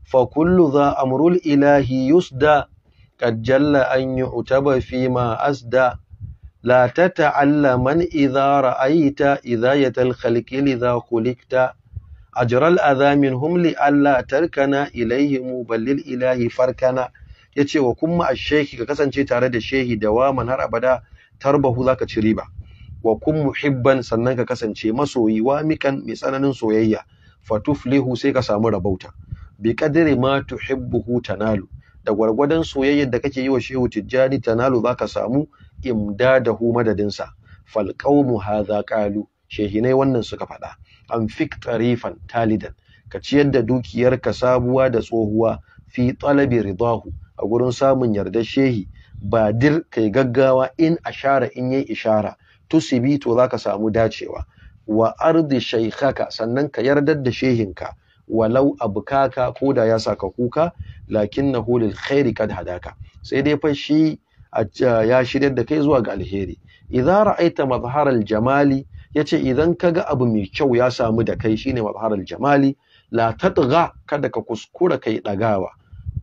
fa kullu dha amru al ilahi yusda kad jalla an yu'taba fi ma asda لا تتعلم من إذا رأيت إذاية الخلق لذا خلقت ajral azamin humli Allah tarkana ilaihi mu balil ilahi farkana yace wa kuma shehi ka kasance tare da shehi dawaman har abada tarbahu zaka ci riba wa kun muhibban sannan ka kasance masoyi wa mikan mai tsananin soyayya fatuflihu sai ka samu rabauta bi kadiri ma tuhibbuhu tanalu da gwargwadon soyayyar da kake yi wa shehu tijjani tanalu zaka samu imdadahu madadinsa fal qaumu hadha qalu shehinai wannan suka faɗa anfik tarifan talidan ka ciyar da dukiyarka sabuwa da tsohuwa fi talabi ridahu a gurin samun yarda shehi ba dir kai gaggawa in ashara in yi ishara tusibi to za ka samu dacewa wa ardi shaykhaka sannan ka yardar da shehinka walau abukaka ko da ya saka kuka lakinnahu lil khairi kad hadaka sai dai fa shi ya shiryar da kai zuwa ga alheri idza ra'aita mazharal jamali yace idan ka ga abu mai kyau ya samu da kai shine mazharal jamali la tatgha kada ka kuskura kai dagawa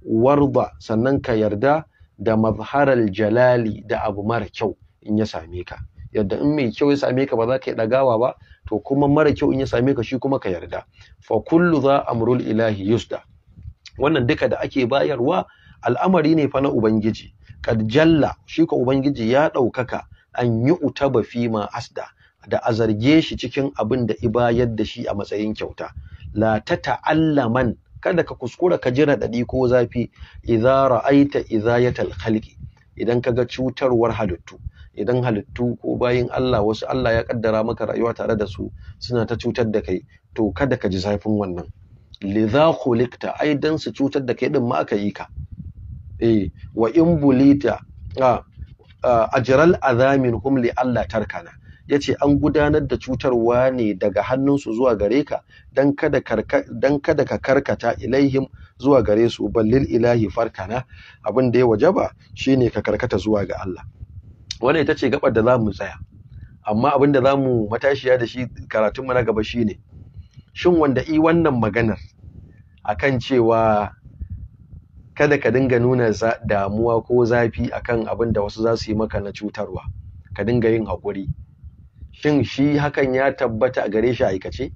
warda sannan ka yarda da mazharal jalali da abu mara kyau in ya same ka yadda in mai kyau ya same ka ba za ka yi ɗagawa ba to kuma mara kyau in ya same ka shi kuma ka yarda fa kullu za amrul ilahi yusda wannan duka da ake bayarwa al'amari ne fa na ubangiji kad jalla shi ko ubangiji ya ɗaukaka an yi utaba fi ma asda da a zarge shi cikin abin da ibayar da shi a matsayin kyauta la ta ta'allaman kada ka kuskura ka ji raɗaɗi ko zafi idza ra'aita izayatal khalqi idan kaga cutarwar halittu idan halittu ko bayin Allah wasu Allah ya kaddara maka rayuwa tare da su suna ta cutar da kai to kada ka ji zafin wannan Liza khuliqta ai dan su cutar da kai din ma aka yi ka eh wa in bulita ajral azamin hum li Allah tarkana ya ce an gudanar da cutarwa ne daga hannunsu zuwa gare ka don kada ka karkata ilaihim zuwa gare su ballil ilahi farkana abin da ya wajaba shine ka karkata zuwa ga Allah wannan ita ce gabar da za mu tsaya amma abin da za mu matashiya da shi karatun mu na gaba shine shin wanda i wannan maganar akan cewa kada ka dinga nuna damuwa ko zafi akan abin da wasu za su yi maka na cutarwa ka dinga yin haƙuri shin shi hakan ya tabbata a gare shi aikace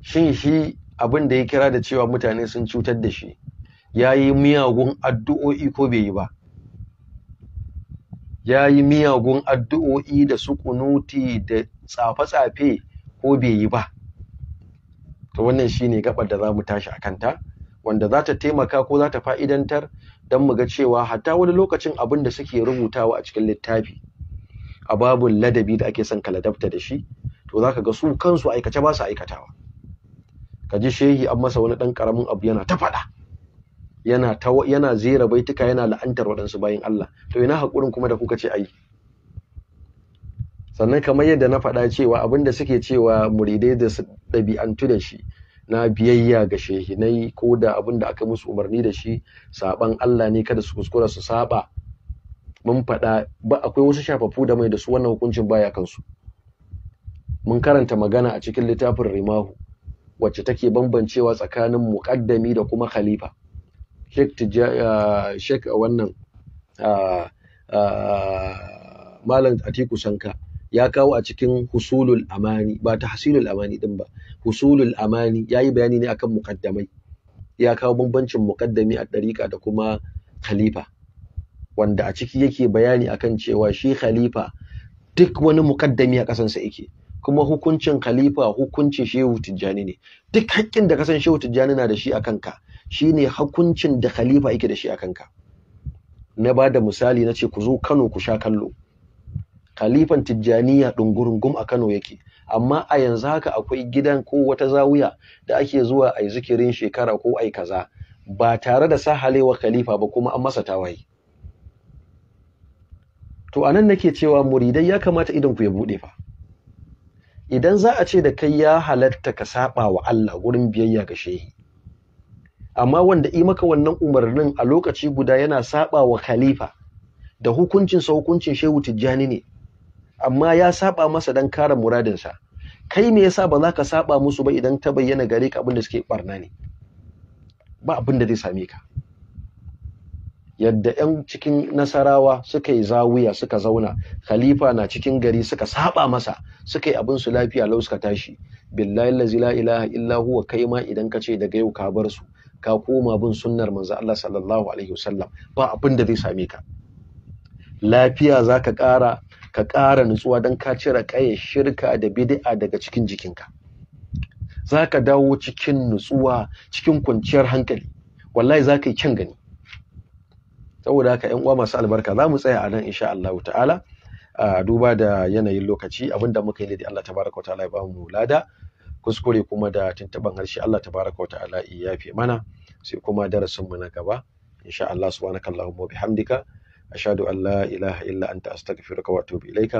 shin shi abinda ya kira da cewa mutane sun cutar da shi ya yi miyagun addu'o'i ko bai yi ba ya yi miyagun addu'o'i da sukunuti da tsafe-tsafe ko bai yi ba to wannan shi ne gabar da za mu tashi a kanta wanda za ta taimaka ko za ta fa'idantar don mu ga cewa hatta wani lokacin abin da suke rubutawa a cikin littafi a babun ladabi da ake son ka ladabta da shi to zaka ga su kansu aikace ba su aikatawa ka ji shehi an masa wani dan karamin abu yana ta faɗa yana ta yana zera baituka yana la'antar waɗansu bayin Allah to ina hakurin kuma da kuka ce ai sannan kamar yadda na faɗa cewa abinda suke cewa muridai da su ɗabi'antu da shi na biyayya ga shehinai ko da abinda da aka musu umarni da shi saban Allah ne kada su kuskura su saɓa. mun faɗa ba akwai wasu shafafu da mai da su wannan hukuncin baya kansu mun karanta magana a cikin littafin rimahu wacce take bambancewa tsakanin muƙaddami da kuma khalifa sheik a ah, wannan ah, ah, malam atiku sanka ya kawo a cikin husulul amani ba ta hasilul amani din ba husulul amani ya yi bayani ne akan muƙaddamai ya kawo bambancin muƙaddami a ɗarika da kuma khalifa wanda a ciki yake bayani akan cewa shi khalifa duk wani mukaddami a ƙasansa yake kuma hukuncin khalifa hukuncin shehu tijjani ne duk haƙƙin da kasan shehu tijjani na da shi a kanka ne hukuncin da khalifa yake da shi a kanka na ba da misali na ce ku zo kano ku sha kallo khalifan tijjaniya ɗungurungum a kano yake amma a yanzu haka akwai gidan ko wata zawiya da ake zuwa a yi zikirin shekara ko ai kaza ba tare da sahalewa khalifa ba kuma an masa tawaye to a anan nake cewa muridai ya kamata idan ku ya bude fa idan za a ce da kai ya halatta ka saba wa Allah wurin biyayya ga shehi amma wanda yi maka wannan umarnin a lokaci guda yana saba wa khalifa da hukuncin sa hukuncin shehu tijjani ne amma ya saba masa dan kare muradinsa kai me yasa ba za ka saba musu ba idan ta bayyana gare ka abin da suke barna ne ba abin da zai same ka yadda 'yan cikin nasarawa suka yi zawiya suka zauna khalifa na cikin gari suka saba masa suka yi abin su lafiya lau suka tashi billahi la ilaha illa huwa kai ma idan ka ce daga yau ka bar su ka koma bin sunnar manzo Allah sallallahu alaihi wasallam ba abin da zai same ka lafiya zaka ƙara ka ƙara nutsuwa don ka cire ƙaye shirka da bid'a daga cikin jikinka zaka dawo cikin nutsuwa cikin kwanciyar hankali wallahi zaka yi kyan gani saboda haka yan uwa masu albarka za mu tsaya a nan insha Allah ta'ala a duba da yanayin lokaci abinda muka yi ne da Allah tabaraka wa ta'ala ya bamu lada kuskure kuma da tuntuban harshe Allah tabaraka wa ta'ala ya yafe mana sai kuma darasin mu na gaba insha Allah subhanakallahumma wa bihamdika ashhadu an la ilaha illa anta astaghfiruka wa atubu ilaika